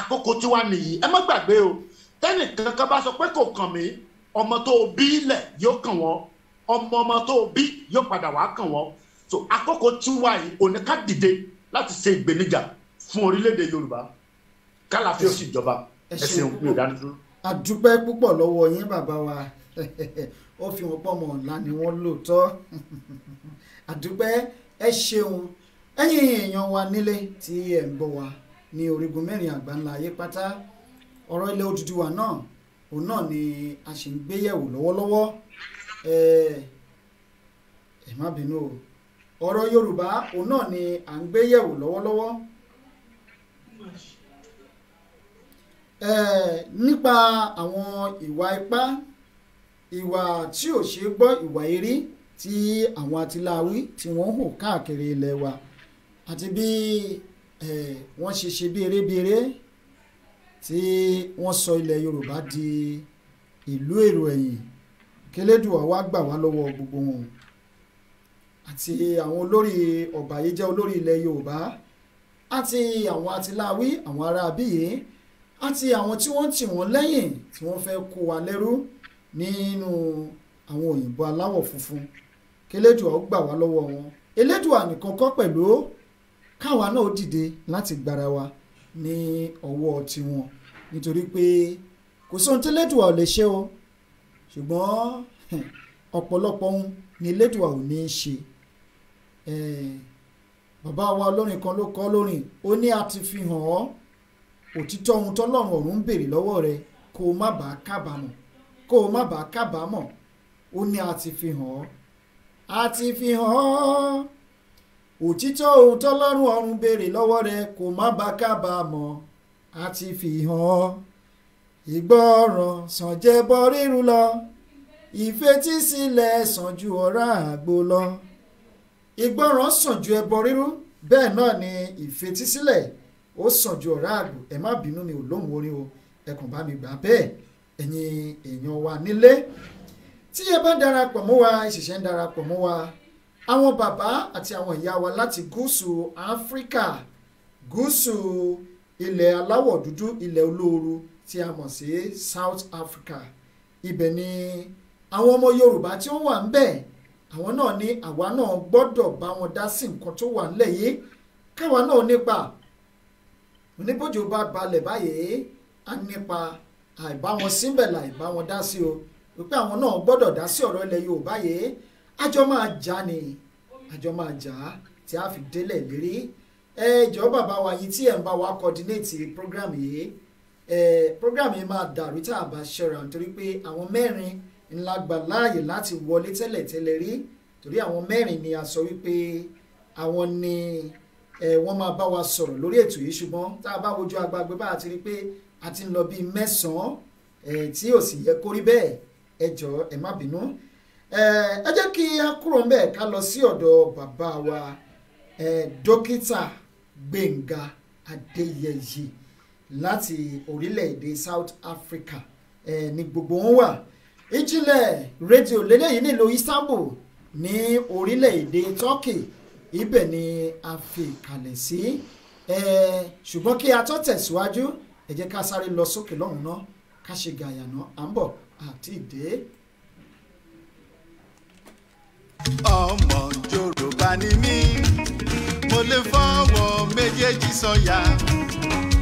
àkókò tiwa nìyí ẹ má gbàgbé o tẹ́nìkan kan bá sọ pé kò kàn mí ọmọ tó bí ilẹ̀ yóò kàn wọ́n ọmọ ọmọ tó o bí yóò padà wàá kàn wọ́n so akoko tí wà yìí òní ká dìde láti ṣe ìgbéníjà fún orílẹ̀-èdè yorùbá kálàfíà ó sì jọba ẹ ṣeun mi ò dánidúró. àdúpẹ́ púpọ̀ lọ́wọ́ yín bàbá wa ó fi wọn pọ̀ mọ́ ọ̀la ni wọ́n lóòótọ́ àdúpẹ́ ẹ ṣeun ẹ̀yin èèyàn wa nílé tí ẹ̀ ń bọ̀ wá ní orígun mẹ́rin àgbáńlá ayé pátá ọ̀rọ̀ ilẹ̀ Odùduwà náà òun náà ni a sì ń gbéyẹ̀wò lọ́wọ́lọ́wọ́ ẹ má bínú o ọ̀rọ̀ Yorùbá òun náà ni à ń gbé yẹ̀wò lọ́wọ́lọ́wọ́ nípa àwọn ìwà ipá ìwà tí ò ṣe gbọ́ ìwà eré tí àwọn atiláwí tí wọ́n ń hù káàkiri ilẹ̀ wa àti bí wọ́n ṣe ṣe bí erébìré tí wọ́n sọ ilẹ̀ Yorùbá di ìlú èrò ẹ̀yìn kélédùà wá gbà wá lọ́wọ́ gbogbo wọn àti àwọn olórí ọ̀bàyéjẹ́ olórí ilẹ̀ Yorùbá àti àwọn atiláwí àwọn ará abíyé àti àwọn tí wọ́n tì wọ́n lẹ́yìn tí wọ́n fẹ́ kó wa lẹ́rú nínú àwọn òyìnbó aláwọ̀ funfun kélédùà ó gbà wá lọ́wọ́ wọn elédùà nìkan kọ́ pẹ̀lú káwa náà ó dìde láti gbára wa ní ọwọ́ tiwọn nítorí pé kò sóhun tẹ́lẹ̀dùà ò lè ṣe o ṣùgbọ́n ọ̀pọ̀lọpọ̀ ohun ni elédùà ò ní í ṣe bàbá wa olórin kan ló kọ lórin ó ní a ti fi hàn ọ́ òtítọ́ ohun tọ́lọ́run ọ̀run ń béèrè lọ́wọ́ rẹ kó o má bàa kábàámọ̀ kó o má bàa kábàámọ̀ ó ní a ti fi hàn ọ́ a ti fi hàn ọ́ òtítọ́ ohun tọ́lọ́run ọ̀run béèrè lọ́wọ́ rẹ kó o má bàa kábàámọ̀ a ti fi hàn ọ́ ìgbọràn sàn jẹ́ bọ́ rírun lọ ìfetísílẹ̀ sàn ju ọ̀rá àgbo lọ ìgbọràn sàn ẹbọ rírun bẹ́ẹ̀ náà ni ìfetísílẹ̀ ó sàn ju àgbo ẹ má bínú mi ò lóhùn orin o ẹ kàn bá mi gbà bẹ́ẹ̀ ẹ̀yin èèyàn wa nílé tí ẹ bá darapọ̀ mọ́ wa ìṣẹ̀ṣẹ̀ ń darapọ̀ mọ́ wa àwọn bàbá àti àwọn ìyá wa láti gúúsù Áfíríkà gúúsù ilẹ̀ aláwọ̀ dúdú ilẹ̀ olóoru tí a mọ̀ sí South Africa ibẹ̀ ni àwọn ọmọ Yorùbá tí ó wà ń bẹ̀ àwọn náà ní àwa náà gbọ́dọ̀ bá wọn dá sí nǹkan tó wà ńlẹ̀ yìí káwa náà nípa oníbòjò bá balẹ̀ báyìí á nípa àìbá wọn síbẹ̀ láìbá wọn dá sí o wípé àwọn náà gbọ́dọ̀ dá sí ọ̀rọ̀ ilẹ̀ Yorùbá yìí àjọ máa jà ni àjọ máa jà tí a fi délẹ̀ lérí ẹ jọ̀ọ́ bàbá wa yìí tí ẹ̀ ń bá wa coordinate program yìí program yìí máa dàrú tá a bá ṣọ́ra nítorí pé àwọn mẹ́rin ńlá gbà láàyè láti wọlé tẹ́lẹ̀ tẹ́lẹ̀ rí torí àwọn mẹ́rin ni a sọ wípé àwọn ni wọ́n máa bá wa sọ̀rọ̀ lórí ètò yìí ṣùgbọ́n tá a bá wojú agbágbé bá a ti rí pé a ti ń lọ bíi mẹ́sàn-án tí ò sì yẹ kó bẹ́ẹ̀ ẹ jọ ẹ má bínú ẹ jẹ́ kí a kúrò ńbẹ̀ ká lọ sí ọ̀dọ̀ bàbá wa dókítà Gbénga Adéyẹyè láti orílẹ̀-èdè South Africa eh, ní gbogbo wọn wà ìjìnlẹ̀ rédíò lélẹ́yìí nílùú Istanbul ní orílẹ̀-èdè Turkey ibẹ̀ ni a fi kalẹ̀ sí ṣùgbọ́n kí a tó tẹ̀síwájú ẹ jẹ́ ká sáré lọ sókè lọ́hùn náà ká ṣe gàyànà à ń bọ̀ àti ìdè. ọmọ Yorùbá ni mí mo lè fọwọ́ méjèèjì sọ̀yà. So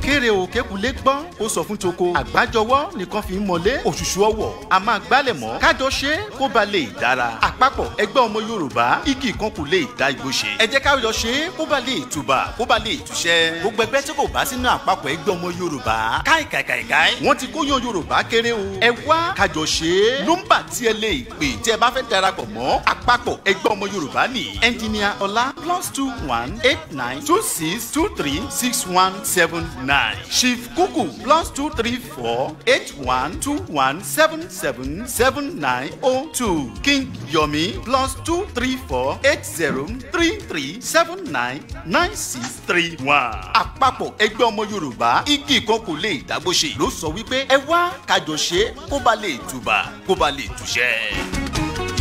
kéré o kékulé gbọ́n ó sọ fún toko àgbájọwọ́ nìkan fi ń mọlé òṣùṣù ọwọ̀ a máa gbálẹ̀ mọ́ kájọ ṣe kó ba lè dára àpapọ̀ ẹgbẹ́ ọmọ Yorùbá igi kan kò lè dá igbó ṣe ẹ jẹ́ kájọ ṣe kó ba lè tùbà kó ba lè túṣẹ́ gbogbo ẹgbẹ́ tí kò bá sínú àpapọ̀ ẹgbẹ́ ọmọ Yorùbá káìkàìkàì wọ́n ti kó yan Yorùbá kéré o ẹ wá kájọ ṣe nọ́mbà tí ẹ lè pè tí ẹ bá fẹ́ darapọ̀ mọ́ àpapọ̀ ẹgbẹ́ ọmọ Yorùbá ní ẹnjìníà ọlá plus two one eight nine two six two three six one seven nine nine. chief Kuku plus two three four eight one two one seven seven seven nine oh two king yomi plus two three four eight zero three three seven nine nine six three one. àpapọ̀ ẹgbẹ́ ọmọ yorùbá igi kan kò lè dágbóṣe ló sọ wípé ẹ wá kájọ ṣe kó ba lè tùbà kó ba lè tùṣẹ́.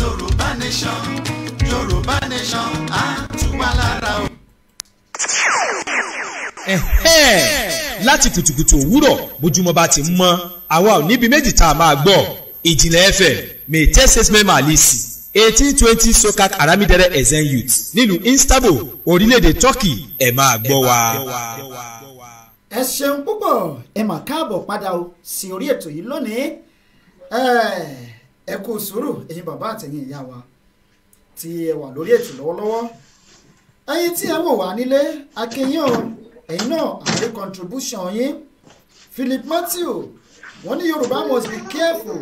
yorùbá nation yorùbá nation á tù wá lára o láti kùtùkùtù òwúrọ̀ bójúmọ́ bá ti mọ́ àwa ò níbi méjì tá a máa gbọ́ ìjìnlẹ̀ fm mẹ̀tẹ́ sẹ́sìmẹ́ màlísì eighteen twenty sokak aramidere ezen youth nílùú istanbul orílẹ̀-èdè turkey ẹ̀ máa gbọ́ wa. ẹ ṣeun púpọ̀ ẹ mà káàbọ̀ padà o sí orí ètò yìí lónìí ẹ kú sùúrù ẹ̀yin bàbá àtẹ̀yìn ìyá wa tí ẹ wà lórí ètò lọ́wọ́lọ́wọ́ ẹ̀yin tí ẹ wò wá nílé akínyìn o náà àrí contribution yín Philip Matthew wọ́n ní Yorùbá must be careful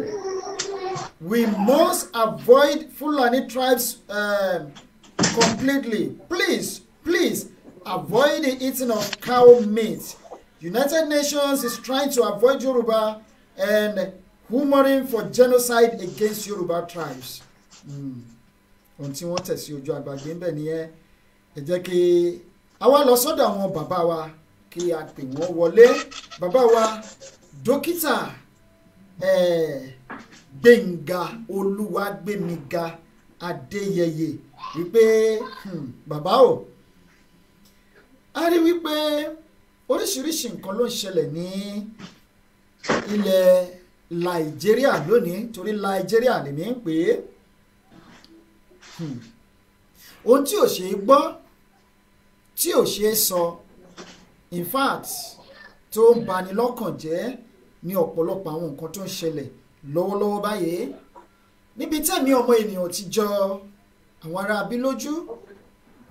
we must avoid Fulani tribes uh, completely please please avoid the eating of cow meat United Nations is trying to avoid Yoruba and humouring for genocide against Yoruba tribes. Hmm. ohun tí wọ́n tẹ̀ sí ojú àgbàgbé ń bẹ̀ nìyẹn ẹ jẹ́ kí àwa lọ sọ́dọ̀ àwọn bàbá wa kí a pè wọ́n wọlé bàbá wa dókítà Gbẹ̀ngà Olúwàgbẹ̀míga Adéyẹyè wípé hmm, bàbá o a rí wípé oríṣiríṣi nǹkan ló ń ṣẹlẹ̀ ní ilẹ̀ Nàìjíríà lónìí torí Nàìjíríà lèmi ń pè é hmm, ohun tí ò ṣe é gbọ́ tí ò ṣeé sọ in fact tó ń bani lọ́kàn jẹ́ ní ọ̀pọ̀lọpọ̀ àwọn nǹkan tó ń ṣẹlẹ̀ lọ́wọ́lọ́wọ́ báyìí níbi tẹ̀mí ọmọ ènìyàn ti jọ àwọn ará bí lójú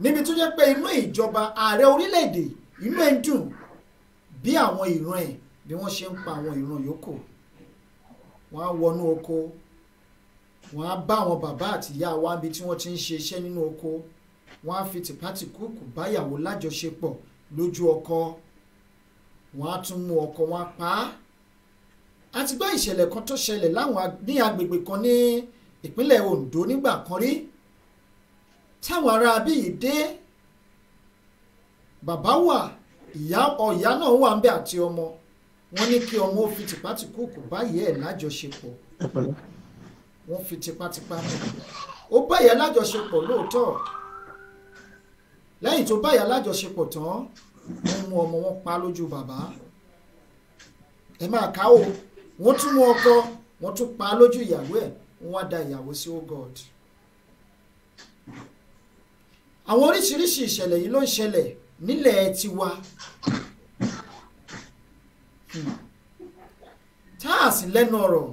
níbi tó jẹ́ pé inú ìjọba ààrẹ orílẹ̀-èdè inú ẹ̀ ń dùn bí àwọn ìran ẹ̀ bí wọ́n ṣe ń pa àwọn ìran yòókù wọ́n á wọnú oko wọ́n á bá àwọn bàbá àtìyá wa níbi tí wọ́n ti ń ṣe iṣẹ́ nínú oko wọ́n á fi tìpátìkúùkù báyàwó lájọṣepọ̀ lójú ọkọ wọ́n á tún mú ọkọ wọn pa á àti gbọ́ ìṣẹ̀lẹ̀ kan tó ṣẹlẹ̀ láwọn ní agbègbè kan ní ìpínlẹ̀ Ondo nígbà kan rí táwọn ará bíi dé bàbá wà ìyá ọ̀yá náà wà ń bẹ àti ọmọ wọ́n ní kí ọmọ ó fi tìpátìkúùkù báyìí ẹ̀ lájọṣepọ̀ wọ́n fi tipátipá ó bá ìyá lájọṣepọ̀ lóòótọ́ lẹ́yìn tó báyà lájọṣepọ̀ tán wọ́n mú ọmọ wọn pa lójú bàbá ẹ máa kà ó wọ́n tún mú ọkọ wọ́n tún pa lójú ìyàwó ẹ̀ wọ́n á da ìyàwó sí o oh God àwọn oríṣiríṣi ìṣẹ̀lẹ̀ yìí ló ń ṣẹlẹ̀ nílẹ̀ tiwa hmm. tá a sì lẹ́nu ọ̀rọ̀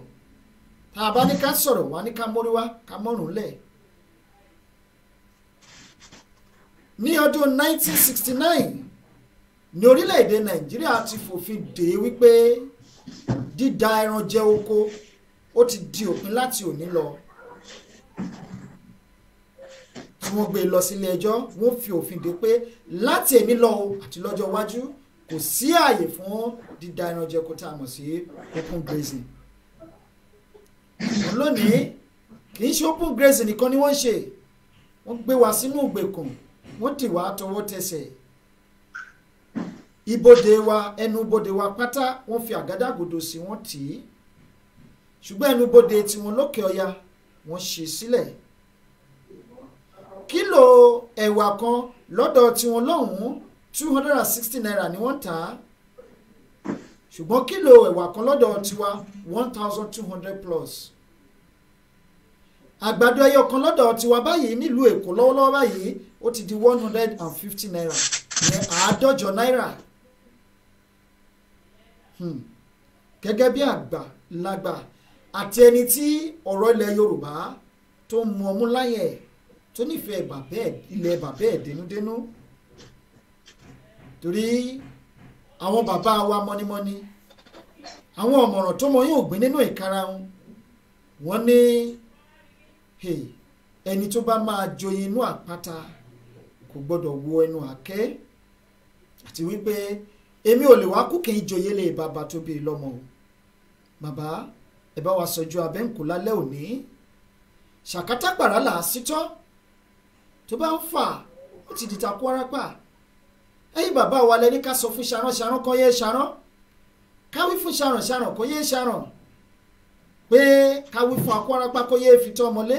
tá a bá ní ká sọ̀rọ̀ wá ní ká mórí wá ká mọ́rùn lẹ̀. ní ọdún 1969 ní orílẹ̀-èdè nàìjíríà ti fòfin dè é wípé dídá ẹran jẹ oko ó ti di òpin láti òní lọ tí wọ́n gbé e lọ sílé ẹjọ́ wọ́n fi òfin dè pé láti èmi lọ o àti lọ́jọ́ iwájú kò sí ààyè fún dídá ẹran jẹ oko tá a mọ̀ sí open grazing lónìí kì í ṣe open grazing nìkan ni wọ́n ń ṣe wọ́n gbé wa sínú ìgbèkùn wọ́n tì wá tọwọ́ tẹsẹ̀ ibodè wa ẹnubodè wa pátá wọ́n fi àgádágodo sí wọ́n tì í ṣùgbọ́n ẹnubodè tiwọn lókè ọya wọ́n ṣe sílẹ̀ kílò ẹ̀wà kan lọ́dọ̀ tiwọn lọ́hùn-ún two hundred and sixty naira ni wọ́n tà á ṣùgbọ́n kílò ẹ̀wà kan lọ́dọ̀ tiwa one thousand two hundred plus àgbàdo ẹyọ kan lọ́dọ̀ tiwa báyìí nílùú èkó lọ́wọ́lọ́wọ́ báyìí ó ti di one hundred and fifty naira ìyẹn àádọ́jọ náírà hmm. gẹ́gẹ́ bí àgbàlagbà àti ẹni tí ọ̀rọ̀ ilẹ̀ Yorùbá tó mu ọmú láyẹ̀ tó nífẹ̀ẹ́ bàbẹ́ ilẹ̀ bàbẹ́ dénúdénú torí àwọn bàbá wa mọ́nímọ́ní àwọn ọ̀mọ̀ràn tó mọ yóò gbin nínú ìkarahun wọ́n ní ẹni tó bá máa joyin inú àpáta. Hey, kò gbọ́dọ̀ wo ẹnu àkẹ́ àti wípé èmi ò lè wá kú kí n joyè lè bàbá tó bí lọ́mọ o bàbá ẹ bá wa sọjú abẹ́ǹkù lálẹ́ òní ṣàkátà pàrà là á sítọ́ tó bá ń fà ó ti dìtà kú arápà ẹ̀yin bàbá wa lẹni ká sọ fún ṣarán ṣarán kọ́ yé ṣarán káwí fún ṣarán ṣarán kọ́ yé ṣarán pé káwí fún akó kọ́ yé fi tọ́ ọmọlé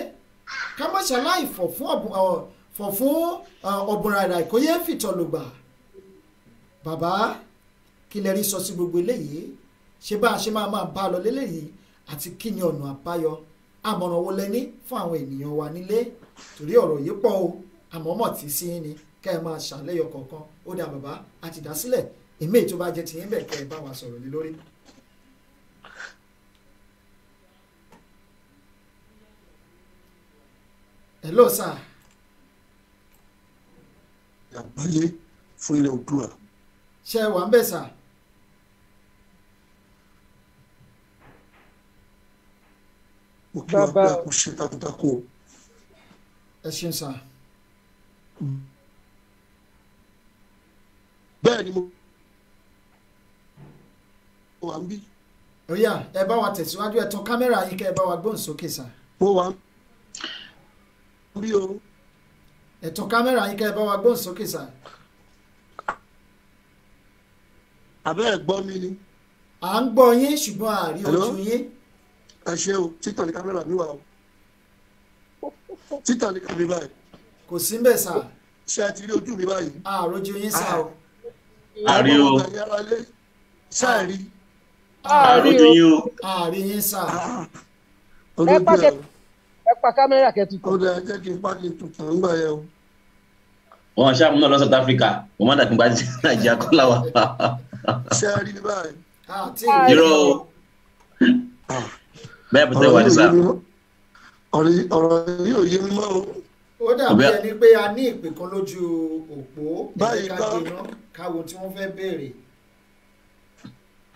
ká má ṣàlàyé fọ̀ fún ọ̀bùn ọ̀ fọ̀ fún uh, ọ̀bùn rárá ìkóyè fìtọ̀lùgbà bàbá kí lẹ rí sọ sí gbogbo eléyìí ṣé bá a ṣe máa máa bá a lọ léléyìí àti kí ni ọ̀nà àbáyọ àmọ̀ràn wo lẹ fún àwọn ènìyàn wa nílé torí ọ̀rọ̀ yìí pọ̀ o àmọ́ mọ̀ tí sí ni kẹ́ ẹ máa ṣàlẹ́yọ kọ̀ọ̀kan ó dà bàbá àti ìdásílẹ̀ èmi ètò bá jẹ tìyín bẹ́ẹ̀ kẹ́ ẹ bá wa sọ̀rọ̀ lé lórí. hello sir àgbáyé fún ilẹ̀ Oòduà. ṣé ẹ wà ń bẹ̀ sà. mo kí wọn pé a takuntakun o. ẹ ṣeun sà. bẹ́ẹ̀ ni mo wà ń bí. ó yá ẹ bá wa tẹ̀síwájú ẹ tan kámẹ́rà yín kẹ́ ẹ bá wa gbóhùn sókè sà. mo wà ń bí o ẹ̀tún kámẹ́rà yín kẹ́ ẹ bá wa gbóhùn sókè sà. àbẹ́ ẹ̀ gbọ́ mi ni. à ń gbọ́ yín ṣùgbọ́n a rí ojú yín. ẹ ṣe o títàn ní kámẹ́rà mi wà o títàn ní kámẹ́rà mi báyìí. kò sí mbẹ̀ sà. ṣé ẹ ti rí ojú mi báyìí. a rojú yín sà o. a rí o. ṣáà rí. o. a yín sà. Ah, ah. ẹ pàṣẹ ẹ pa kámẹ́rà kẹtùtù. ó dẹ̀ jẹ́ kí n pa kí n tuntun nígbà yẹn o. wọn ṣáà múná lọ South Africa wọn má dàgbà sí Nàìjíríà kó là wà. ṣé ẹ rí báyìí. irọ́ o bẹ́ẹ̀ bí sẹ́wọ̀n ní sáà. ọ̀rọ̀ yìí ò yé mi mọ́ o ó dàbí ẹni pé a ní ìpè kan lójú òpó báyìí ká káwo tí wọ́n fẹ́ béèrè.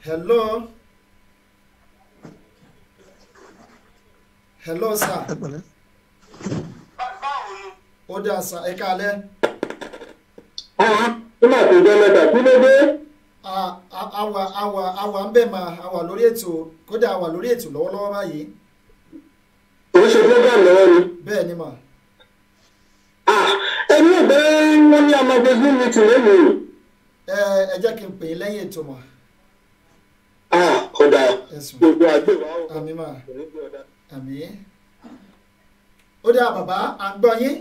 hello. hello sir. ó dà sá ẹ kálẹ́. kí ah, máa tó jẹ́ kí ló dé. àwa àwa àwa ń bẹ̀ máa àwa lórí ètò kódà àwa lórí ètò lọ́wọ́lọ́wọ́ báyìí. ó ṣe program lọ́wọ́ ni. bẹ́ẹ̀ ni mà. Ah, ní bí mi àmín ó dáa bàbá à ń gbọ́ yín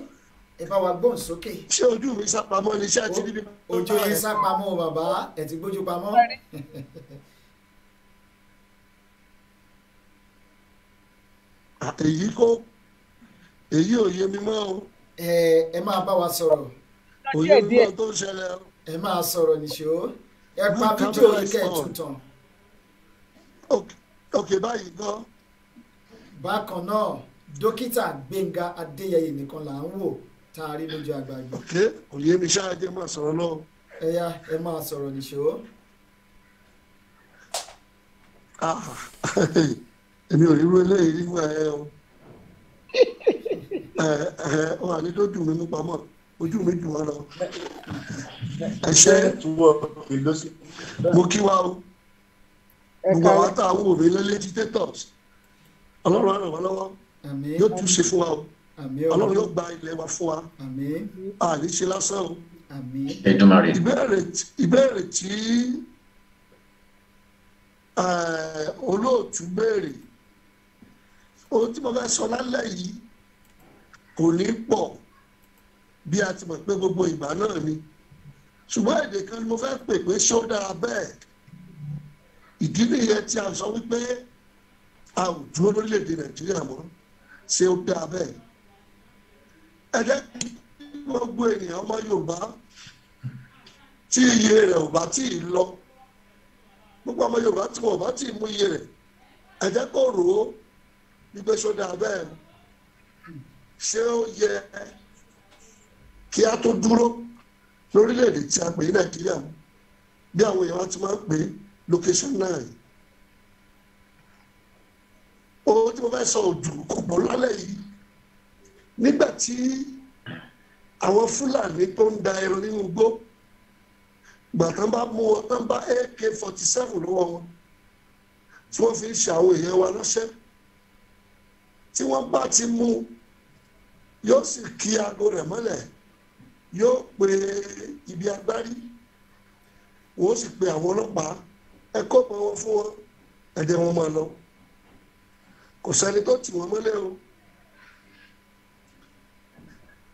ẹ bá wa gbóhùn sókè. ṣé ojú mi sápamọ́ ni ṣé àti níbi. ojú yín sápamọ́ bàbá ẹ̀ ti gbójú pamọ́. èyí kò èyí ò yé mi mọ́ o. ẹ ẹ máa bá wa sọ̀rọ̀. òye ìgbọ́ tó ń ṣẹlẹ̀ o. ẹ máa sọ̀rọ̀ nìṣó ẹ pa fídíò yìí kẹ́ ẹ̀ tún tàn. òkè báyìí gan-an bákan náà dókítà gbẹ̀ngà adéyẹyẹ nìkan là ń wò tá a rí lójú agbáyé. ok òye mi ṣáà jẹ́ máa sọ̀rọ̀ lọ. ẹ̀yà ẹ máa sọ̀rọ̀ nìṣó. Ah, èmi ò rí irú eléyìí nígbà ẹ o ọ àní tó dùn mí nípa mọ ojú mi dùn wọn lọ ẹ ṣe mo kí wa o gbogbo àwọn tá a wò mí lẹ́lẹ́ tẹ́tọ̀sì ọlọ́run á ràn wá lọ́wọ́ yóò tún ṣe fún wa o ọlọ́run yóò gba ilẹ̀ wa fún wa àní ṣe lásán o. ìbéèrè tí olóòtú béèrè ohun tí mo fẹ́ sọ lálẹ́ yìí kò ní pọ̀ bí a ti mọ̀ pé gbogbo ìgbà náà ni ṣùgbọ́n èdè kan ni mo fẹ́ pè pé ṣó dára bẹ́ẹ̀ ìdí nìyẹn tí a sọ wípé a ò dúró lórílẹ̀‐èdè nàìjíríà mọ́ ṣé ó dáa bẹ́ẹ̀ ẹ jẹ́ kí gbogbo ènìyàn ọmọ yorùbá tí iye rẹ̀ ò bá tí ì lọ gbogbo ọmọ yorùbá tí wọn ò bá tí ì mú iye rẹ̀ ẹ jẹ́ kó rò ó gbígbé ṣó dáa bẹ́ẹ̀ ṣé ó yẹ kí a tó dúró lórílẹ̀‐èdè tí a pè ní nàìjíríà bí àwọn èèyàn wa ti máa ń pè é location nine ohun tí mo fẹ́ sọ òjò ọ̀pọ̀ lálẹ́ yìí nígbà tí àwọn fúlàní tó ń da ẹran nínú igbó gbàtàn bá mú wọn tán bá ak forty seven lọ́wọ́ wọn tí wọ́n fi ń ṣe àwọn èèyàn wa lọ́ṣẹ́ tí wọ́n bá ti mú yóò sì kí aago rẹ̀ mọ́lẹ̀ yóò pe ibi agbárí wọ́n sì pe àwọn ọlọ́pàá ẹ kó pọn wọn fún wọn ẹ̀dẹ̀ wọn máa lọ kò sẹ́ni tó tì wọ́n mọ́lẹ̀ o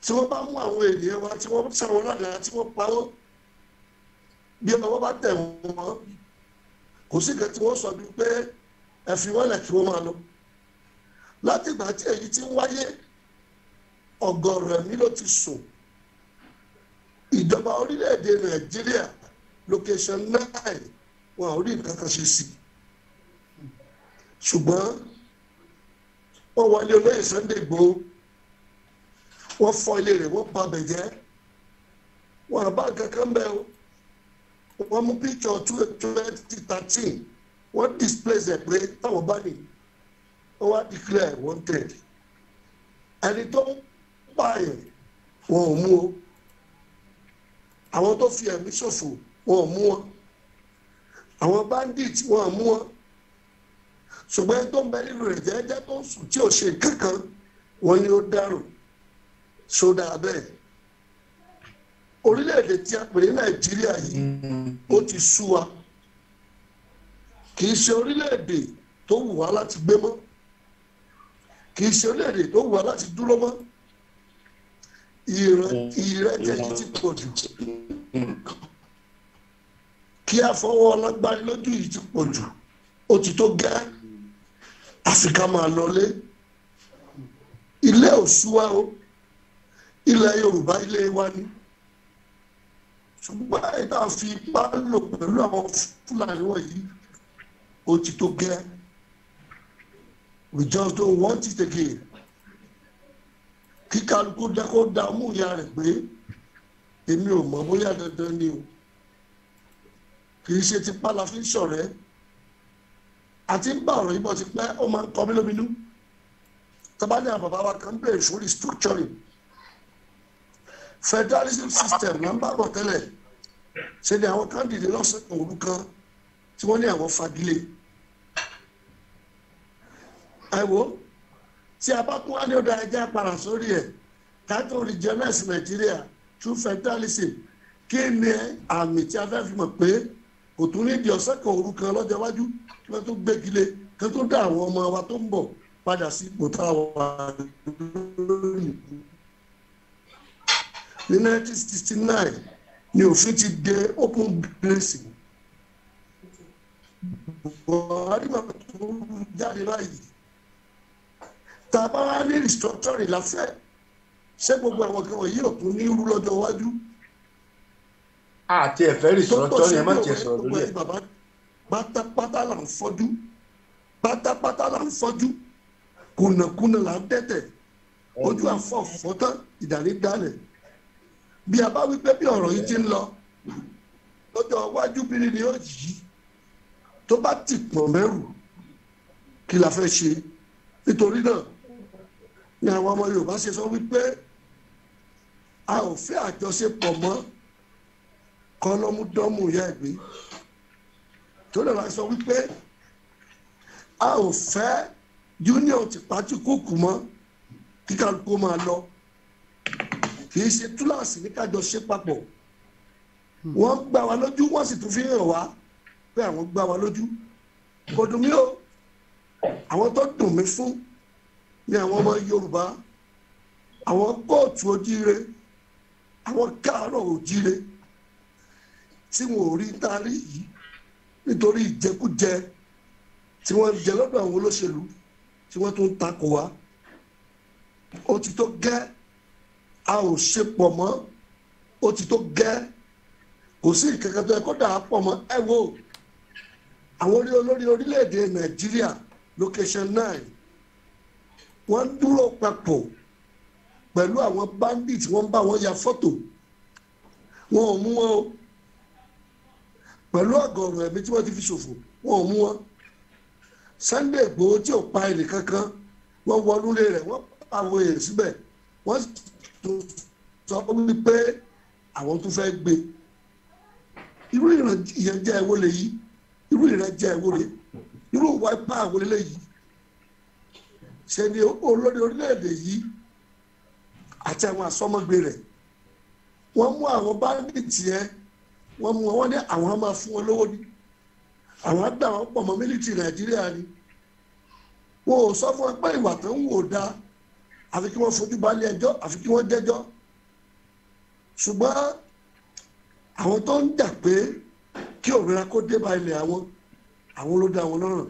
tí wọ́n bá mú àwọn ènìyàn wa tí wọ́n sáwọn lọ́dà tí wọ́n parọ́ bí ọwọ́ bá tẹ̀ wọ́n kò sí kan tí wọ́n sọ bí pé ẹ fi lẹ̀ kí wọ́n máa lọ láti ìgbà tí èyí ti ń wáyé ọ̀gọ̀rọ̀ ẹ̀mí ló ti sùn ìjọba orílẹ̀-èdè nàìjíríà location nine wọn ò rí nǹkan kan ṣe sí ṣùgbọ́n wọ́n wọlé olóyè Sunday Igboho wọ́n fọ́ ilé rẹ̀ wọ́n ba bẹ̀ jẹ́ wọ́n àbá kankan bẹ́ẹ̀ o wọ́n mú píkṣọ̀ twenty thirteen wọ́n displace ẹ̀ pé táwọn bá ní wọ́n wá declare wanted ẹni tó ń pààyàn wọn ò mú o àwọn tó fi ẹ̀mí ṣòfò wọn ò mú wọn àwọn bandit wọn ò mú wọn ṣùgbọ́n ẹni tó ń bẹ nínú rẹ̀ jẹ́jẹ́ tó ń sùn tí ò ṣe kankan wọ́n ní ó dárùn sódà bẹ́ẹ̀ orílẹ̀-èdè tí a pè ní nàìjíríà yìí ó ti sú wa kì í ṣe orílẹ̀-èdè tó wù wá láti gbé mọ́ kì í ṣe orílẹ̀-èdè tó wù wá láti dúró mọ́ ìrẹ́jẹ yìí ti pọ̀ jù kí a fọwọ́ ọlọ́gbárí lójú yìí ti pọ̀ jù ó ti tó gẹ́ẹ́ àfikà máa lọlé ilé òṣùwà o ilẹ̀ yorùbá ilé wa ni ṣùgbọ́n ẹ fi ipá lò pẹ̀lú àwọn fúlàní wọ̀nyí ó ti tó gẹ́ we just don't want it again kí kálukú jẹ́ kó dààmú ìyá rẹ̀ pé èmi ò mọ̀ bóyá dandan ni o kì í ṣe tipá la fi ń ṣọ̀rẹ́ àti ń bá ọ̀rọ̀ yìí bọ̀ ti pẹ́ ó máa ń kọ mí lóminú tabali wa kan bẹ̀rẹ̀ sórí structuring federalism system náà ń bá bọ̀ tẹ́lẹ̀ ṣe ni àwọn kan dìde lọ́sẹ̀kan òru kan tí wọ́n ní àwọn fagilé ẹ̀wọ́ tí a bá kún wá ní ọ̀dà ẹja para sórí ẹ̀ káàtó regionalist Nàìjíríà through federalism kí ni àmì tí a fẹ́ fi mọ̀ pé kò tún ní di ọ̀sẹ̀ kan òru kan lọ́jọ́ iwájú kí wọ́n tó gbégi lé kí wọ́n tó dá àwọn ọmọ wa tó ń bọ̀ padà sí ipò tá a wà lónìí. ní 1969 ni òfin ti de open grazing buhari máa tó jáde báyìí tá a bá wá ní restructuring la fẹ́ ṣé gbogbo àwọn kan wọ̀nyí ò tún ní irú lọ́jọ́ iwájú àti ẹ̀fẹ́ rì sọ̀rọ̀ tọ́ ni ẹ má tiẹ̀ sọ̀rọ̀ lórí ẹ̀. pátápátá là ń fọ́jú pátápátá là ń fọ́jú kùnàkùnà là ń tẹ̀tẹ̀ ojú àfọ̀ fọ́tán ìdàrí dalẹ̀ bí a bá wí pé bí ọ̀rọ̀ yìí ti ń lọ lọ́jọ́ iwájú bí ni yóò yí tó bá ti pọ̀ mẹ́rù kí la fẹ́ ṣe nítorí náà ni àwọn ọmọ Yorùbá ṣe sọ wípé a ò fẹ́ àjọṣepọ̀ mọ́ kọ́ lọ́mú dánmù yẹ gbé tó lè máa sọ wípé a ò fẹ́ union ti pàtí kúkú mọ́ kí kálukú máa lọ kì í ṣe túláàsì ní kájọ ṣe papọ̀ wọ́n gbá wa lójú wọ́n sì tún fi hàn wá pé àwọn gbá wa lójú kò dùn mí o àwọn tó dùn mí fún ni àwọn ọmọ Yorùbá àwọn kóòtù ojíire àwọn káàárọ̀ ojíire tí wọn ò rí ntarí yìí nítorí ìjẹkújẹ tí wọ́n jẹ lọ́dọ̀ àwọn olóṣèlú tí wọ́n tún takò wá ó ti tó gẹ́ a ò ṣe pọ̀ mọ́ ó ti tó gẹ́ kò sí ìkankan tó yẹ kó dàá pọ̀ mọ́ ẹ wo àwọn olórí orílẹ̀-èdè nàìjíríà location nine wọ́n ń dúró papọ̀ pẹ̀lú àwọn bandits wọ́n ń bá wọn ya fọ́tò wọn ò mú wọn o pẹ̀lú ọ̀gọ̀ọ̀rọ̀ ẹ̀mí tí wọ́n ti fi ṣòfò wọn ò mú wọn Sunday Igboho tí ò pa ẹnì kankan wọ́n wọnú lé rẹ̀ wọ́n pa àwọn èèyàn síbẹ̀ wọ́n sọ wípé àwọn tún fẹ́ gbé irú ìyànjẹ ẹ̀wọ́ lè yí irú ìrẹ́jẹ ẹ̀wọ́ lè irú ìwà ipá àwọn eléyìí ṣe ni olórí orílẹ̀-èdè yìí àti àwọn àsọmọgbé rẹ̀ wọ́n mú àwọn báńdíìtì yẹn wọ́n mú wọn ní àwọn máa fún wọn lówó ni àwọn gbà wọn pọ̀ mọ́ mílítì nàìjíríà ni wọn ò sọ fún wọn pé ìwà tó ń wò da àfi kí wọ́n fojú balẹ̀ ẹjọ́ àfi kí wọ́n jẹ́jọ́ ṣùgbọ́n àwọn tó ń jà pé kí òmìnira kó dé bá ilẹ̀ àwọn àwọn ló dá wọn lọ́rùn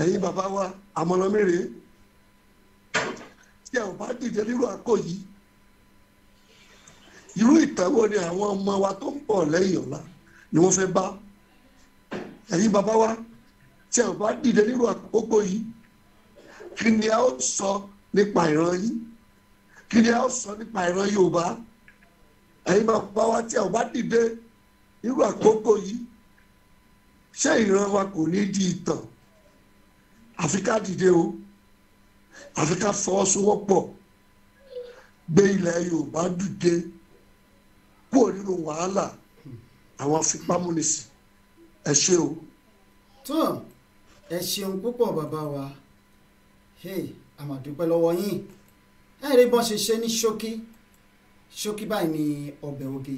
ẹ̀yin bàbá wa àmọ́ lọ́mẹ́rẹ́ tí ẹ̀ ò bá dìde nírú àkó yìí irú ìtàwọ́ ni àwọn ọmọ wa tó ń bọ̀ lẹ́yìn ọ̀la ni wọ́n fẹ́ bá ẹ̀yin bàbá wa tí a bá dìde nírú àkókò yìí kí ni a ó sọ nípa ìran yìí kí ni a ó sọ nípa ìran Yorùbá ẹ̀yin bàbá wa tí a bá dìde nírú àkókò yìí ṣé ìran wa kò ní di ìtàn àfi ká dìde o àfi ká fọwọ́sowọ́pọ̀ gbé ilẹ̀ Yorùbá dìde kúrò nínú wàhálà àwọn fipámúnisìn ẹ ṣe o. tó ẹ ṣeun púpọ̀ bàbá wa a máa dúpẹ́ lọ́wọ́ yín ẹ rí bọ́n ṣe ṣe ní ṣókí ṣókí báyìí ni ọbẹ̀ oge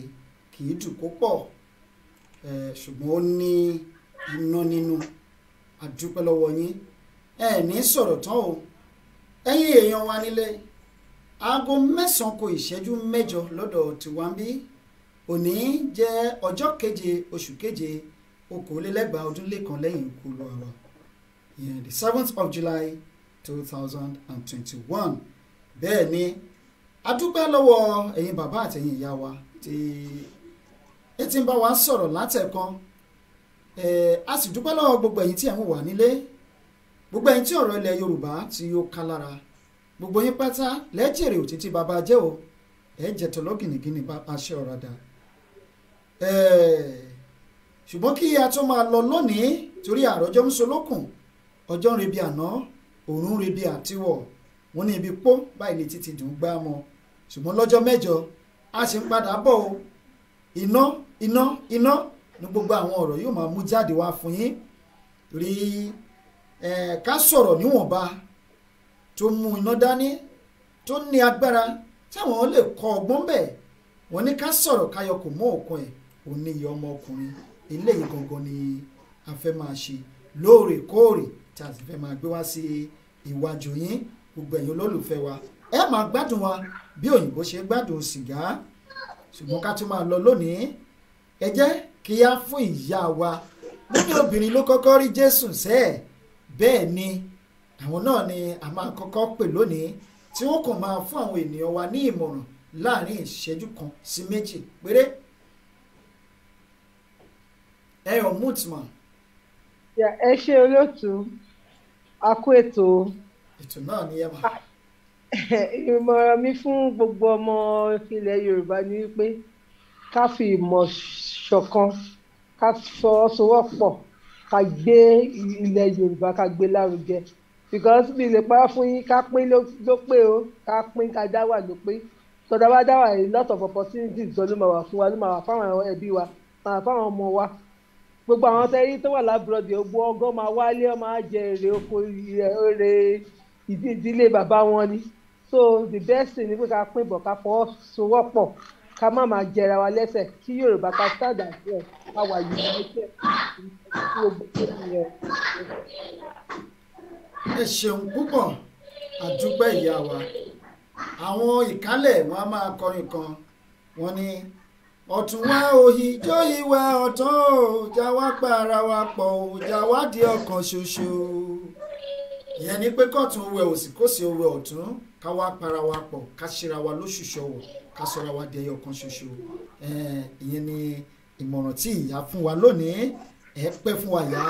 kì í dùn kó pọ̀ ṣùgbọ́n ó ní iná nínú a dúpẹ́ lọ́wọ́ yín ẹ ní sọ̀rọ̀ tán o ẹ̀yin èèyàn wa nílé aago mẹ́sàn-án kò ìṣẹ́jú mẹ́jọ lọ́dọ̀ tiwa ń òní jẹ́ ọjọ́ keje oṣù keje okòólélẹ́gbàá ọdún lẹ́kan lẹ́yìn ikú Olúwa ìyẹn the seventh of July two thousand and twenty-one bẹ́ẹ̀ ni a dúpẹ́ lọ́wọ́ ẹ̀yin bàbá àtẹ̀yin ìyá wa tí ẹ ti ń bá wa sọ̀rọ̀ látẹ̀kan a sì dúpẹ́ lọ́wọ́ gbogbo ẹ̀yin tí ẹ̀ ń wà nílé gbogbo ẹ̀yin tí ọ̀rọ̀ ilẹ̀ Yorùbá tí ó ká lára gbogbo yín pátá lẹ́jẹ̀rẹ̀ òtítí bàbá jẹ́ o ẹ̀ jẹ̀tọ̀ lọ́gìnìgìnì bá aṣẹ́ ọ̀rọ̀ dáa Eh, ṣùgbọ́n kí a tó máa lọ lónìí torí àròjọ ń solókùn ọjọ́ ń rebi àná òórùn ń rebi àtiwọ̀ wọ́n ní ibi pọ́ báyìí ní títí dùn gbá mọ́ ṣùgbọ́n lọ́jọ́ mẹ́jọ a sì ń padà bọ̀ o iná iná iná ní gbogbo àwọn ọ̀rọ̀ yóò máa mú jáde wá fún yín rí ká sọ̀rọ̀ níwọ̀nba tó mú iná dání tó ní agbára táwọn lè kọ́ ọgbọ́n bẹ́ẹ̀ wọ́n ní ká sọ̀rọ̀ káyọ̀ kò mọ́ òkun ẹ̀ oníyẹ ọmọkùnrin eléyìí gangan ni a fẹ́ máa ṣe lóòrèkóòrè tí a sì fẹ́ máa gbé wá sí iwájú yín gbogbo ẹ̀yin olólùfẹ́ wa ẹ máa gbádùn wa bí òyìnbó ṣe gbádùn sìgá ṣùgbọ́n ká tún máa lọ lónìí ẹ jẹ́ kí á fún ìyá wa nínú obìnrin ló kọ́kọ́ rí Jésù sẹ́ẹ̀ bẹ́ẹ̀ ni àwọn náà ni a máa kọ́kọ́ pè lónìí tí wọ́n kàn máa fún àwọn ènìyàn wa ní ìmọ̀ràn láàrin ìṣẹ́jú kan sí méjì péré ẹ yọ mute ma. ẹ ṣe olóòtú a kó ètò. ètò náà ni ẹ máa. ìmọ̀ràn mi fún gbogbo ọmọ ilẹ̀ yorùbá ni wípé ká fi ìmọ̀ ṣọ̀kan ká fọwọ́sowọ́pọ̀ ká gbé ilẹ̀ yorùbá ká gbé lárugẹ because mi lè parọ́ fún yín ká pín ló pé o ká pín ká dá wà ló pé bá dá wà a lot of opportunities ló máa wà fún wa ló máa wà fáwọn ẹbí wa máa fáwọn ọmọ wa gbogbo àwọn tẹ́rí tó wà lábúrọ̀dì ogbó ọgọ́ máa wálé ọ máa èrè oko èrè ìdílé bàbá wọn ni so the best thing ni pé ká pín bọ̀ ká fọwọ́sowọ́pọ̀ ká má máa jẹra wa lẹ́sẹ̀ kí yorùbá ká sáàdà sí ká wà yìí ní ṣe ẹ ṣeun púpọ̀ àdúpẹ́ ìyá wa àwọn ìkálẹ̀ wọn a máa kọrin kan wọn ní ọ̀tún wá òhì jó ìwà ọ̀tán ò já wá pa ara wa pọ̀ ò já wá di ọkàn ṣoṣo ìyẹn ni pé kọ́ọ̀tún wẹ òsì kó sì wẹ ọ̀tún ká wá para wa pọ̀ ká ṣera wa lóṣùṣọwọ̀ ká sọra wa di ẹyọ kan ṣoṣo ìyẹn ni ìmọ̀ràn tí ìyá fún wa lónìí ẹ pẹ́ fún wa yá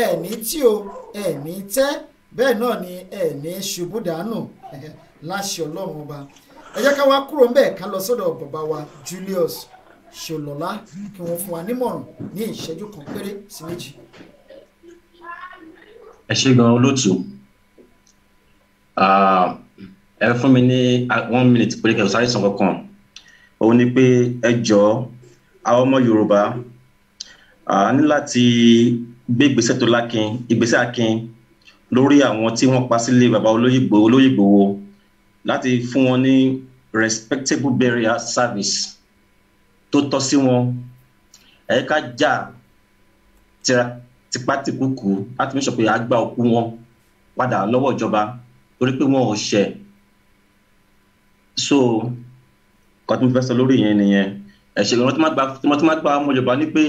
ẹ ní tí o ẹ ní tẹ́ bẹ́ẹ̀ náà ni ẹ ní ṣubú dànù láṣẹ ọlọ́run ọba ẹ jẹ́ ká wá kúrò ń bẹ̀ ká lọ sọ́dọ̀ bàbá wa Julius Ṣòlọ́lá kí wọ́n fún wa nímọ̀ràn ní ìṣẹ́jú kan péré sí méjì. ẹ ṣé gan olóòtú ah, ẹ fún mi ní ah, one minute pé kẹsàn-án sáré sàn kankan òun ni pé ẹ jọ àwọn ọmọ Yorùbá ní láti gbé ìgbésẹ̀ tó lákin ìgbésẹ̀ akin lórí àwọn tí wọ́n pa sílé bàbá olóyìnbó olóyìnbó wo láti fún wọn ní respectable burial service tó tọ́ sí wọn ẹ̀ka jà tipátìkúkú láti mẹ́sọ̀ pé a gba òkú wọn padà lọ́wọ́ ìjọba torí pé wọn ò ṣẹ̀ so kan tó ń fẹ́ sọ lórí yẹn nìyẹn ẹ̀ṣẹ̀ ìrántí má gba tí wọ́n ti má gba ọmọ ìjọba ni pé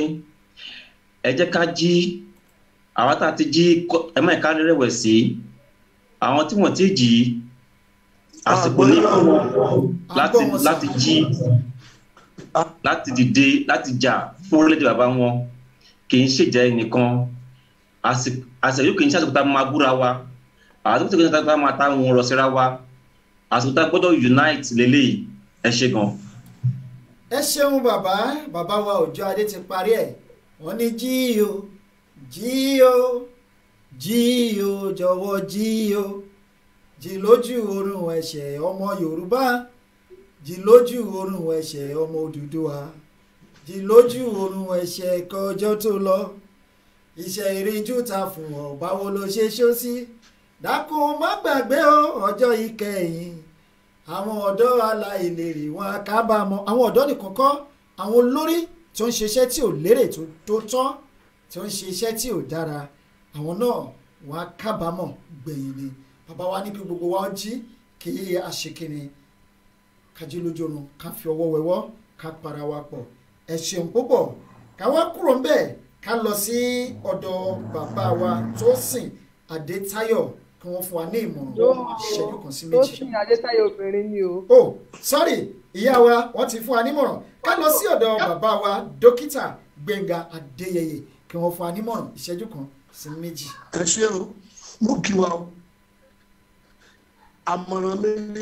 ẹ jẹ́ ká jí àwọn tá a ti jí ẹ má ẹ̀ka rẹ̀ rẹ̀wẹ̀sì àwọn tí wọ́n ti jì í àsìkò náà láti láti jí láti dìde láti jà fún orílẹ̀-èdè bàbá wọn kì í ṣèjà ẹnìkan àsìkò yóò kì í ṣe àsìkò tá a máa búra wa àsìkò tó kì í ṣe àsìkò tá a máa ta àwọn ọ̀rọ̀ síra wa àsìkò tá a gbọ́dọ̀ unite lélẹ́yìí ẹ ṣe gan. ẹ ṣeun bàbá bàbá wa Òjó Adé ti parí ẹ̀ wọ́n ní jí o jí o jí o jọ̀wọ́ jí o jì lójú orun ẹ̀ṣẹ̀ ọmọ Yorùbá jì lójú orun ẹ̀ṣẹ̀ ọmọ Odùduwà jì lójú orun ẹ̀ṣẹ̀ ẹ̀kọ́ ọjọ́ tó lọ iṣẹ́ ìrìnjú ta fún ọ báwo ló ṣe ṣó sí dákun má gbàgbé o ọjọ́ ìkẹyìn àwọn ọ̀dọ́ aláìlérè wọn kábàámọ̀ àwọn ọ̀dọ́ nìkan kọ́ àwọn olórí tí ó ń ṣiṣẹ́ tí ò lérè tó tọ́ tí ó ń ṣiṣẹ́ tí ò dára àwọn náà wọn á gbẹ̀yìn ni bàbá wa ní kí gbogbo wa jí kí a ṣe kíni ká jí lójú oorun ká fi ọwọ́ wẹwọ́ ká para wa pọ̀ ẹ ṣeun púpọ̀ ká wá kúrò ń bẹ̀ ká lọ sí ọ̀dọ̀ bàbá wa tó sìn Adétáyọ̀ kí wọ́n fún wa ní ìmọ̀ràn ìṣẹ́jú kan sí méjì. tó sìn Adétáyọ̀ obìnrin ni o. o sọ́rí ìyá wa wọ́n ti fún wa nímọ̀ràn ká lọ sí ọ̀dọ̀ bàbá wa dókítà Gbẹ́ngà Adéyẹyẹ kí wọ́n fún wa nímọ̀ràn ìṣẹ́jú kan sí méjì. ẹ ṣé o mo kí wa o àmọ̀ràn mi ni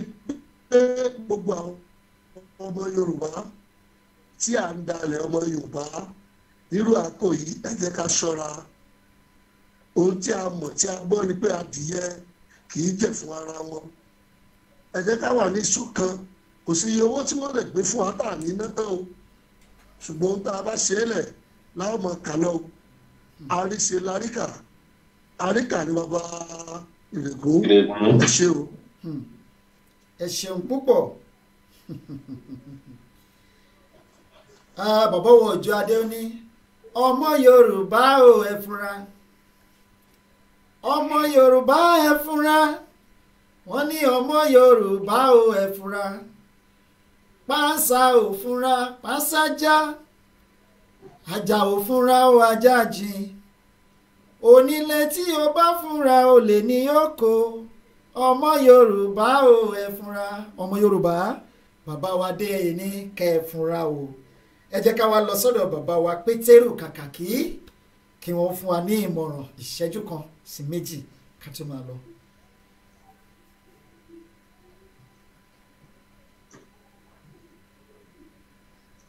pé gbogbo àwọn ọmọ Yorùbá tí à ń dalẹ̀ ọmọ Yorùbá nírú àkó yìí ẹ jẹ́ ká ṣọ́ra ohun tí a mọ̀ tí a gbọ́ ni pé adìyẹ kì í jẹ̀ fún ara wọn ẹ jẹ́ ká wà ní ṣọ̀kan kò sí iye owó tí wọ́n lè gbé fún wa ní náà o ṣùgbọ́n ohun tá a bá ṣe é lẹ̀ láwọn máa kà lọ àríṣe láríkà àríkà ni bàbá ìrègùn ẹ o. Hmm. ẹ ṣeun púpọ̀ ah, bàbá wo òjò adé ní ọmọ yorùbá ò ẹ fura ọmọ yorùbá ẹ fura wọ́n ní ọmọ yorùbá o ẹ fura pánsá ò fura pánsájá ajá ò fura ó ajá jìn onílé tí o bá fura olè ní yóò kó ọmọ yorùbá o ẹ fúnra ọmọ yorùbá bàbá wa dé ẹ̀yìn ní kẹ́ ẹ fúnra o ẹ jẹ́ ká wa lọ sọ́dọ̀ bàbá wa pétérù kàkàkí kí wọ́n fún wa ní ìmọ̀ràn ìṣẹ́jú kan sí méjì ká tó máa lọ.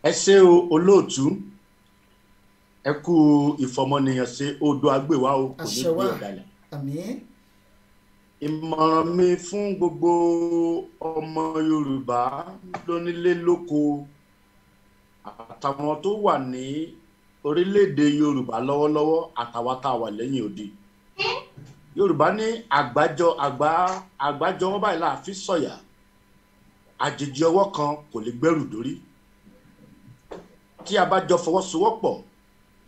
ẹ ṣé o olóòtú ẹ kú ìfọmọnìyàn ṣe odò agbèwá o kò ní kú ọ̀dàlẹ̀ ìmọ̀ràn mi fún gbogbo ọmọ yorùbá lónílé lóko àtàwọn tó wà ní orílẹ̀-èdè yorùbá lọ́wọ́lọ́wọ́ àtàwọn tá a wà lẹ́yìn odi yorùbá ní àgbájọ àgbá àgbájọ wọn báyìí la fi sọ̀yà àjèjì ọwọ́ kan kò lè gbẹ́rù dórí tí a bá jọ fọwọ́sowọ́pọ̀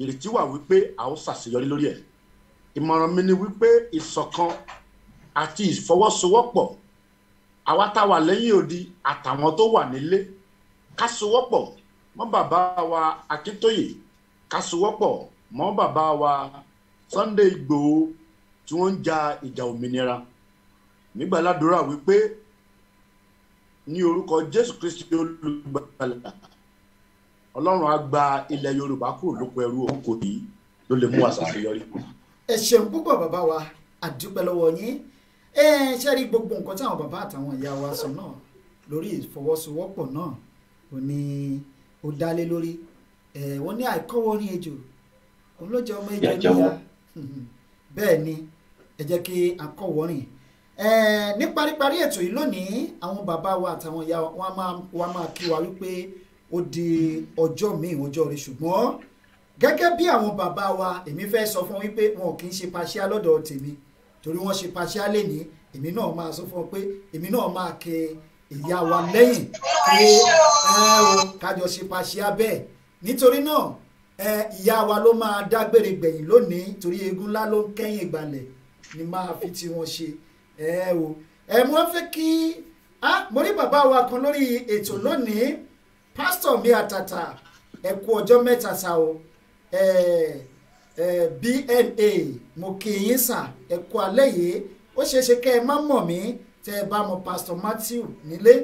ìrètí wà wípé a ó ṣàṣeyọrí lórí ẹ̀ ìmọ̀ràn mi ni wípé ìṣọ̀kan àti ìfọwọ́sowọ́pọ̀ àwa tá wà lẹ́yìn odi àtàwọn tó wà nílé ká sowọ́pọ̀ mọ́ bàbá wa Akíntóyè ká sowọ́pọ̀ mọ́ bàbá wa Sunday Igbòho tí wọ́n ń ja ìjà òmìnira nígbà ládùúrà wípé ní orúkọ Jésù Kristi olùgbàlà Ọlọ́run á gba ilẹ̀ Yorùbá kúrò lóko ẹrú òun kò ní ló lè mú àṣà àṣeyọrí. ẹ ṣeun púpọ̀ bàbá wa àdúpẹ́ lọ́wọ́ yín ẹ ṣe rí gbogbo nǹkan tí àwọn bàbá àtàwọn ìyá wa sọ náà lórí ìfọwọ́sowọ́pọ̀ náà ò ní ó dálé lórí ẹ wọ́n ní àìkọ́wọ́ orin ejò òun ló jẹ́ ọmọ ejò níyà bẹ́ẹ̀ ni ẹ jẹ́ kí a kọ́wọ́ rìn ẹ ní paríparí ètò yìí lónìí àwọn bàbá wa àtàwọn ìyá wa máa kí wa wípé ó di ọjọ́ míì ọjọ́ rẹ̀ ṣùgbọ́n gẹ́gẹ́ bí àwọn bàbá wa èmi fẹ́ sọ fún wípé wọn kì í ṣe paṣíà lọ́dọ̀ tèmi torí wọ́n ṣe paṣẹ́ lè ní èmi náà máa sọ fún ọ pé èmi náà máa kẹ ìyá wa lẹ́yìn pé kájọ ṣe paṣẹ́ bẹ́ẹ̀ nítorí náà ìyá wa ló máa dágbére gbẹ̀yìn lónìí torí eégún ńlá ló ń kẹ́yìn ìgbàlẹ̀ ni máa fi ti wọn ṣe ẹ o ẹ mo fẹ́ kí mo rí bàbá wa kan lórí ètò lónìí pásítọ̀ mi àtàtà ẹ kú ọjọ́ mẹ́ta sa o bna mo kí yín sàn ẹ kú alẹ́ yìí ó ṣeé ṣe kẹ́ ẹ má mọ̀ mí tẹ́ ẹ bá mọ pásítọ̀ Matthew nílé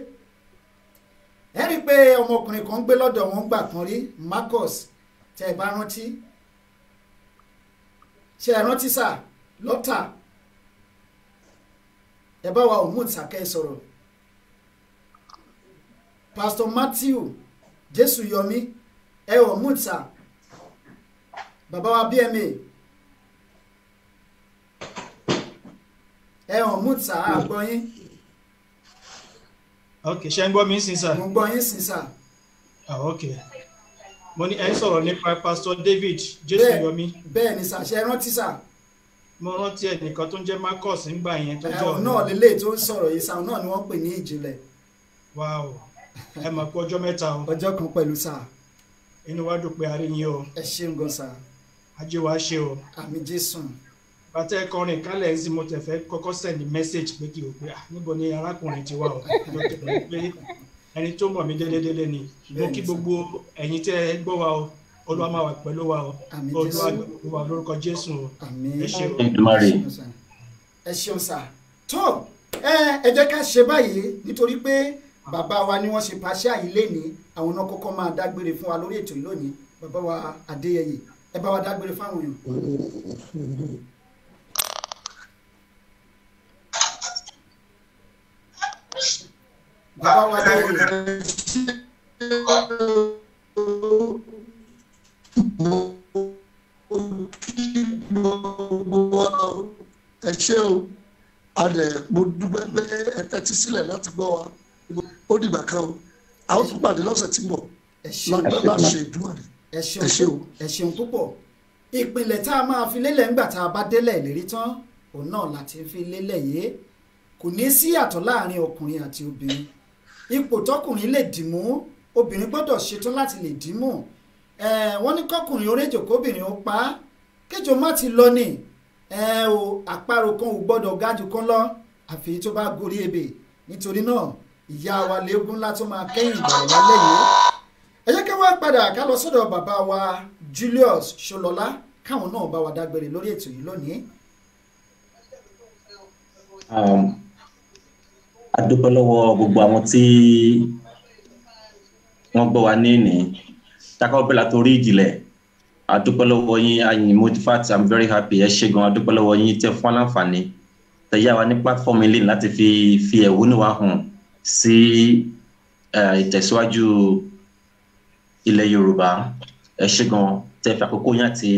ẹ rí i pé ọmọkùnrin kan gbé lọ́dọ̀ wọn gbà kan rí Marcus tẹ́ ẹ bá rántí ṣe ẹ rántí sà lọ́tà ẹ bá wa òmùn ìsàkẹ́ sọ̀rọ̀ pásítọ̀ Matthew Jésù Yomi, ẹ òmùn ìsà bàbá wa bma ẹ hàn mú sà á gbọ́ yín. ok ṣe ń gbọ́ mi sin sà. mo gbọ́ yín sin sà. ah ok mo ní ẹ ń sọ̀rọ̀ nípa pastor david jésù yomi. bẹ́ẹ̀ ni sà ṣe rántí sà. mo rántí ẹnìkan tó ń jẹ́ marcus ńgbà yẹn tó jọ. ẹ̀hún náà lélẹ̀ tó ń sọ̀rọ̀ yìí sà náà ni wọ́n pè ní ìjìnlẹ̀. wáò ẹ mọ̀ pé ọjọ́ mẹ́ta o. ọjọ́ kan pẹ̀lú sà. inú wa dùn pé a rí yín o. ẹ ṣeun gan sà. ajé wa ṣe o. àmì jésù bàtẹ kọrin kálẹ̀ ẹ̀ sì mo tẹ̀ fẹ́ kọ́kọ́ send message pé kí o pé à ah, níbo ni arákùnrin ti wà o mo tẹ̀ pé ẹni tó mọ̀ mí délédélé ni mo kí gbogbo ẹ̀yin tẹ́ ẹ gbọ́ wa o olúwa máa wà pẹ̀lú wa o olúwa wà lórúkọ jésù o ẹ ṣe o. ẹ ṣeun sá tó ẹ jẹ́ ká ṣe báyìí nítorí pé bàbá wa ni wọ́n ṣe pàṣẹ àyílé ní àwọn náà kọ́kọ́ máa dágbére fún wa lórí ètò yìí lónìí bàbá wa adéyẹyè ẹ bá wa dágbére fáwọn èèyàn. bàbá wa ló ń ẹ ṣé o adẹ mo dúpẹ́ pé ẹ tẹ́tí sílẹ̀ láti gbọ́ wa ó dìgbà kan o a ó tún pàdé lọ́sẹ̀ tí ń bọ̀ lọ́dọ̀ láṣẹ ìdúrà rẹ̀ ẹ ṣé o. ẹ ṣeun púpọ̀ ìpìlẹ̀ tá a máa fi lélẹ̀ ńgbà tá a bá délẹ̀ ìlérí tán òun náà láti fi lélẹ̀ yìí kò ní sí ìyàtọ̀ láàrin ọkùnrin àti obìnrin ipò tọkùnrin lè dìmú obìnrin gbọ́dọ̀ ṣetán láti lè dìmú wọ́n ní kọkùnrin oréjò kóbìnrin ó pa á kéjò má ti lọ ni o àparò kan ò gbọ́dọ̀ gájú kan lọ àfi tó bá gorí ebè nítorí náà ìyá wa léegun ńlá máa kẹ́yìn ìbẹ̀rẹ̀ lálẹ́ yìí ẹ jẹ́ ká wá padà ká lọ sọ́dọ̀ bàbá wa Julius Ṣọlọ́lá káwọn náà bá wa dágbére lórí ètò yìí lónìí. Um, a dúpẹ́ lọ́wọ́ gbogbo àwọn tí wọ́n gbọ́ wa ní ìní takọ́ bẹ́ẹ̀ látòrí ìjìnlẹ̀ a dúpẹ́ lọ́wọ́ yín ayin motifat i'm very happy ẹ ṣe gan a dúpẹ́ lọ́wọ́ yín tẹ fún aláǹfààní tẹ̀yà wa ní platform ilé láti fi fi ẹ̀wọ́nù wa hàn sí ìtẹ̀síwájú ilẹ̀ yorùbá ẹ ṣe gan tẹ fi àkókò yín àti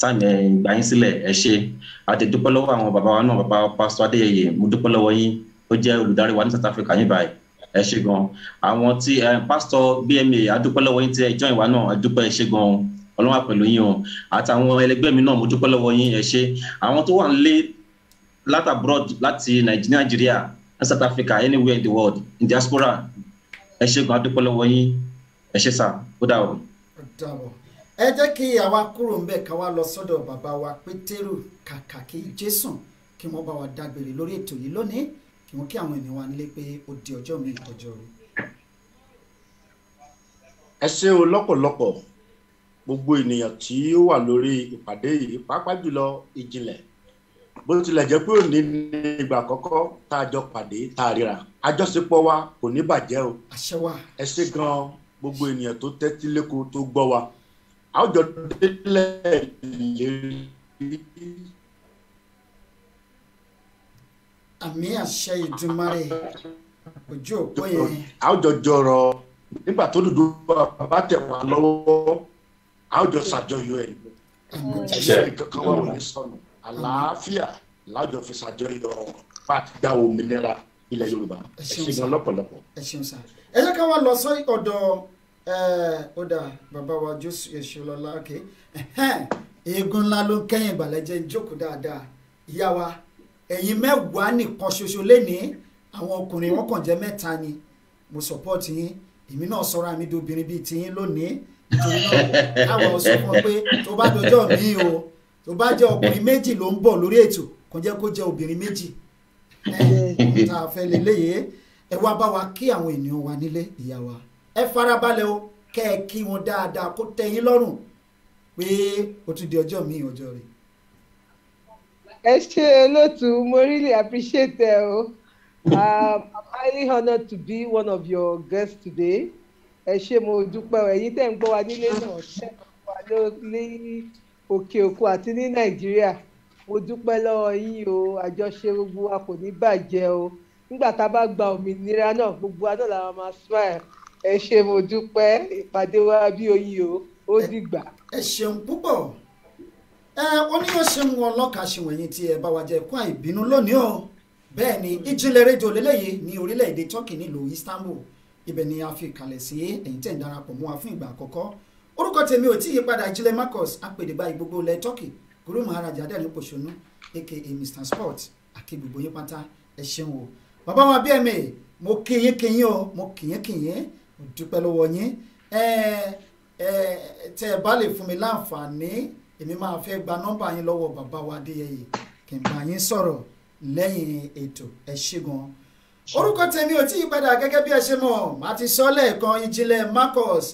táàmì ìgbà yín sílẹ̀ ẹ ṣe àti dúpẹ́ lọ́wọ́ àwọn bàbá wa náà bàbá pásítọ̀ adéyẹyẹ mo dúpẹ́ lọ́wọ́ yín tó jẹ́ olùdarí wa ní South Africa yìí báyìí ẹ ṣé gan àwọn tí pásítọ̀ BMA adúpẹ́ lọ́wọ́ yín tí ẹ join wa náà adúpẹ́ ẹ ṣé gan Ọlọ́run wà yín o àtàwọn ẹlẹgbẹ́ mi náà mo dúpẹ́ lọ́wọ́ yín ẹ ṣé àwọn tó wà ń lé láti abroad láti Nàìjíríà ní South Africa anywhere in the world in diaspora ẹ ṣé gan adúpẹ́ lọ́wọ́ yín ẹ ṣé sà ó dà o. ẹ jẹ́ kí àwa kúrò ń bẹ̀ ká wá lọ sọ́dọ̀ bàbá wa Pétérù kàkà kí Jésù kí wọ́n bá wa dágbére lórí ètò yìí lónìí kí wọ́n kí àwọn ènìyàn wa nílé pé ó di ọjọ́ mi ọjọ́ rí. ẹ ṣé o lọ́pọ̀lọpọ̀ gbogbo ènìyàn tí ó wà lórí ìpàdé yìí pàápàá jùlọ ìjìnlẹ̀ bó tilẹ̀ jẹ́ pé òní ní ìgbà àkọ́kọ́ tá a jọ pàdé tá a ríra àjọṣepọ̀ wa kò ní bàjẹ́ o ẹ ṣé gan-an gbogbo ènìyàn tó tẹ́tí lẹ́kọ̀ọ́ tó gbọ́ wa àwùjọ délẹ̀ lérí àmì àṣẹ ìdùnmarè ojú òpó yẹn. a ó jọ jọrọ nígbà tó dùdú bàbá tẹ̀ wá lọ́wọ́ a ó jọ ṣàjọyọ̀ ẹ̀ ẹ̀ṣẹ̀ kankan wà wọlé sọnù àlàáfíà lájọ fi ṣàjọyọ̀ bá a ti dá òmìnira ilẹ̀ Yorùbá ẹ̀ṣẹ̀ gan lọ́pọ̀lọpọ̀. ẹ ṣeun sá ẹ jẹ́ ká wá lọ sí ọ̀dọ̀ ọ̀dà bàbá wa Jésù èṣù lọ́la òkè eégún ńlá ló kẹ́yìn ìbàlẹ̀ jẹ́ ìjókòó dáadáa ìyá wa ẹ̀yin mẹ́wàá nìkan ṣoṣo lénìí àwọn ọkùnrin wọn kàn jẹ́ mẹ́ta ni mo support yín èmi náà sọra mi dobìnrin bíi tiyín lónìí torí náà káwọn sọ fún ọ pé tó bá dọjọ́ mi o tó bá jẹ́ ọkùnrin méjì ló ń bọ̀ lórí ètò kò jẹ́ kó jẹ́ obìnrin méjì tá a fẹ́ lélẹ́yẹ ẹ wá bá wa kí àwọn ènìyàn wa nílé ìyá wa ẹ farabalẹ̀ o kẹ́ ẹ kí wọn dáadáa kó tẹ́ yín lọ́rùn pé o tún di ọjọ́ mi ọjọ́ rẹ̀ ẹ ṣe olóòtú mo really appreciate ẹ o um, I'm highly honoured to be one of your guests today ẹ ṣe mo dúpẹ́ o ẹ̀yin tẹ̀ ń gbọ́ wa nílé náà ṣẹ́ wa ní òkè òkun àti ní nàìjíríà mo dúpẹ́ lọ́wọ́ yín o àjọṣe gbogbo wa kò ní bàjẹ́ o nígbà tá a bá gba òmìnira náà gbogbo wa náà la máa smile ẹ ṣe mo dúpẹ́ ìpàdé wa bí oyin o ó dìgbà. ẹ ṣeun púpọ̀ ẹ oníyanṣẹ́ wọn ọlọ́ka ṣe wọ̀nyí tí ẹ bá wa jẹ ẹ̀kọ́ àìbínú lónìí o bẹ́ẹ̀ ni ìjìnlẹ̀ rédíò lélẹ́yìí ní orílẹ̀-èdè turkey nílùú istanbul ibẹ̀ ni a fi kalẹ̀ sí ẹ̀yìn tẹ̀ ń darapọ̀ mọ́ wa fún ìgbà àkọ́kọ́ orúkọ tèmi ò tí ì yípadà ìjìnlẹ̀ marcus apèdèbá ìgbogbo ilẹ̀ turkey guru maharaja adẹ́rìn pòṣónú aka mr sport àti gbogbo yín pátá ẹ ṣeun o bàbá wa bí ẹ̀mẹ̀ mo kìyìn kìyìn o mo kìyìn kìyìn mo dúpẹ́ lọ́wọ́ yín ẹ ẹ tẹ́ ẹ bá lè fún mi láǹfààní èmi máa fẹ́ gba nọ́mbà yín lọ́wọ́ bàbá wa adéyẹyẹ kí n bá yín sọ̀rọ̀ lẹ́yìn ètò ẹ̀ ṣe gan. orúkọ tèmi ò tí ì padà gẹ́gẹ́ bí ẹ ṣe mọ̀ màá ti sọ lẹ́ẹ̀kan ìjìnlẹ̀ Marcus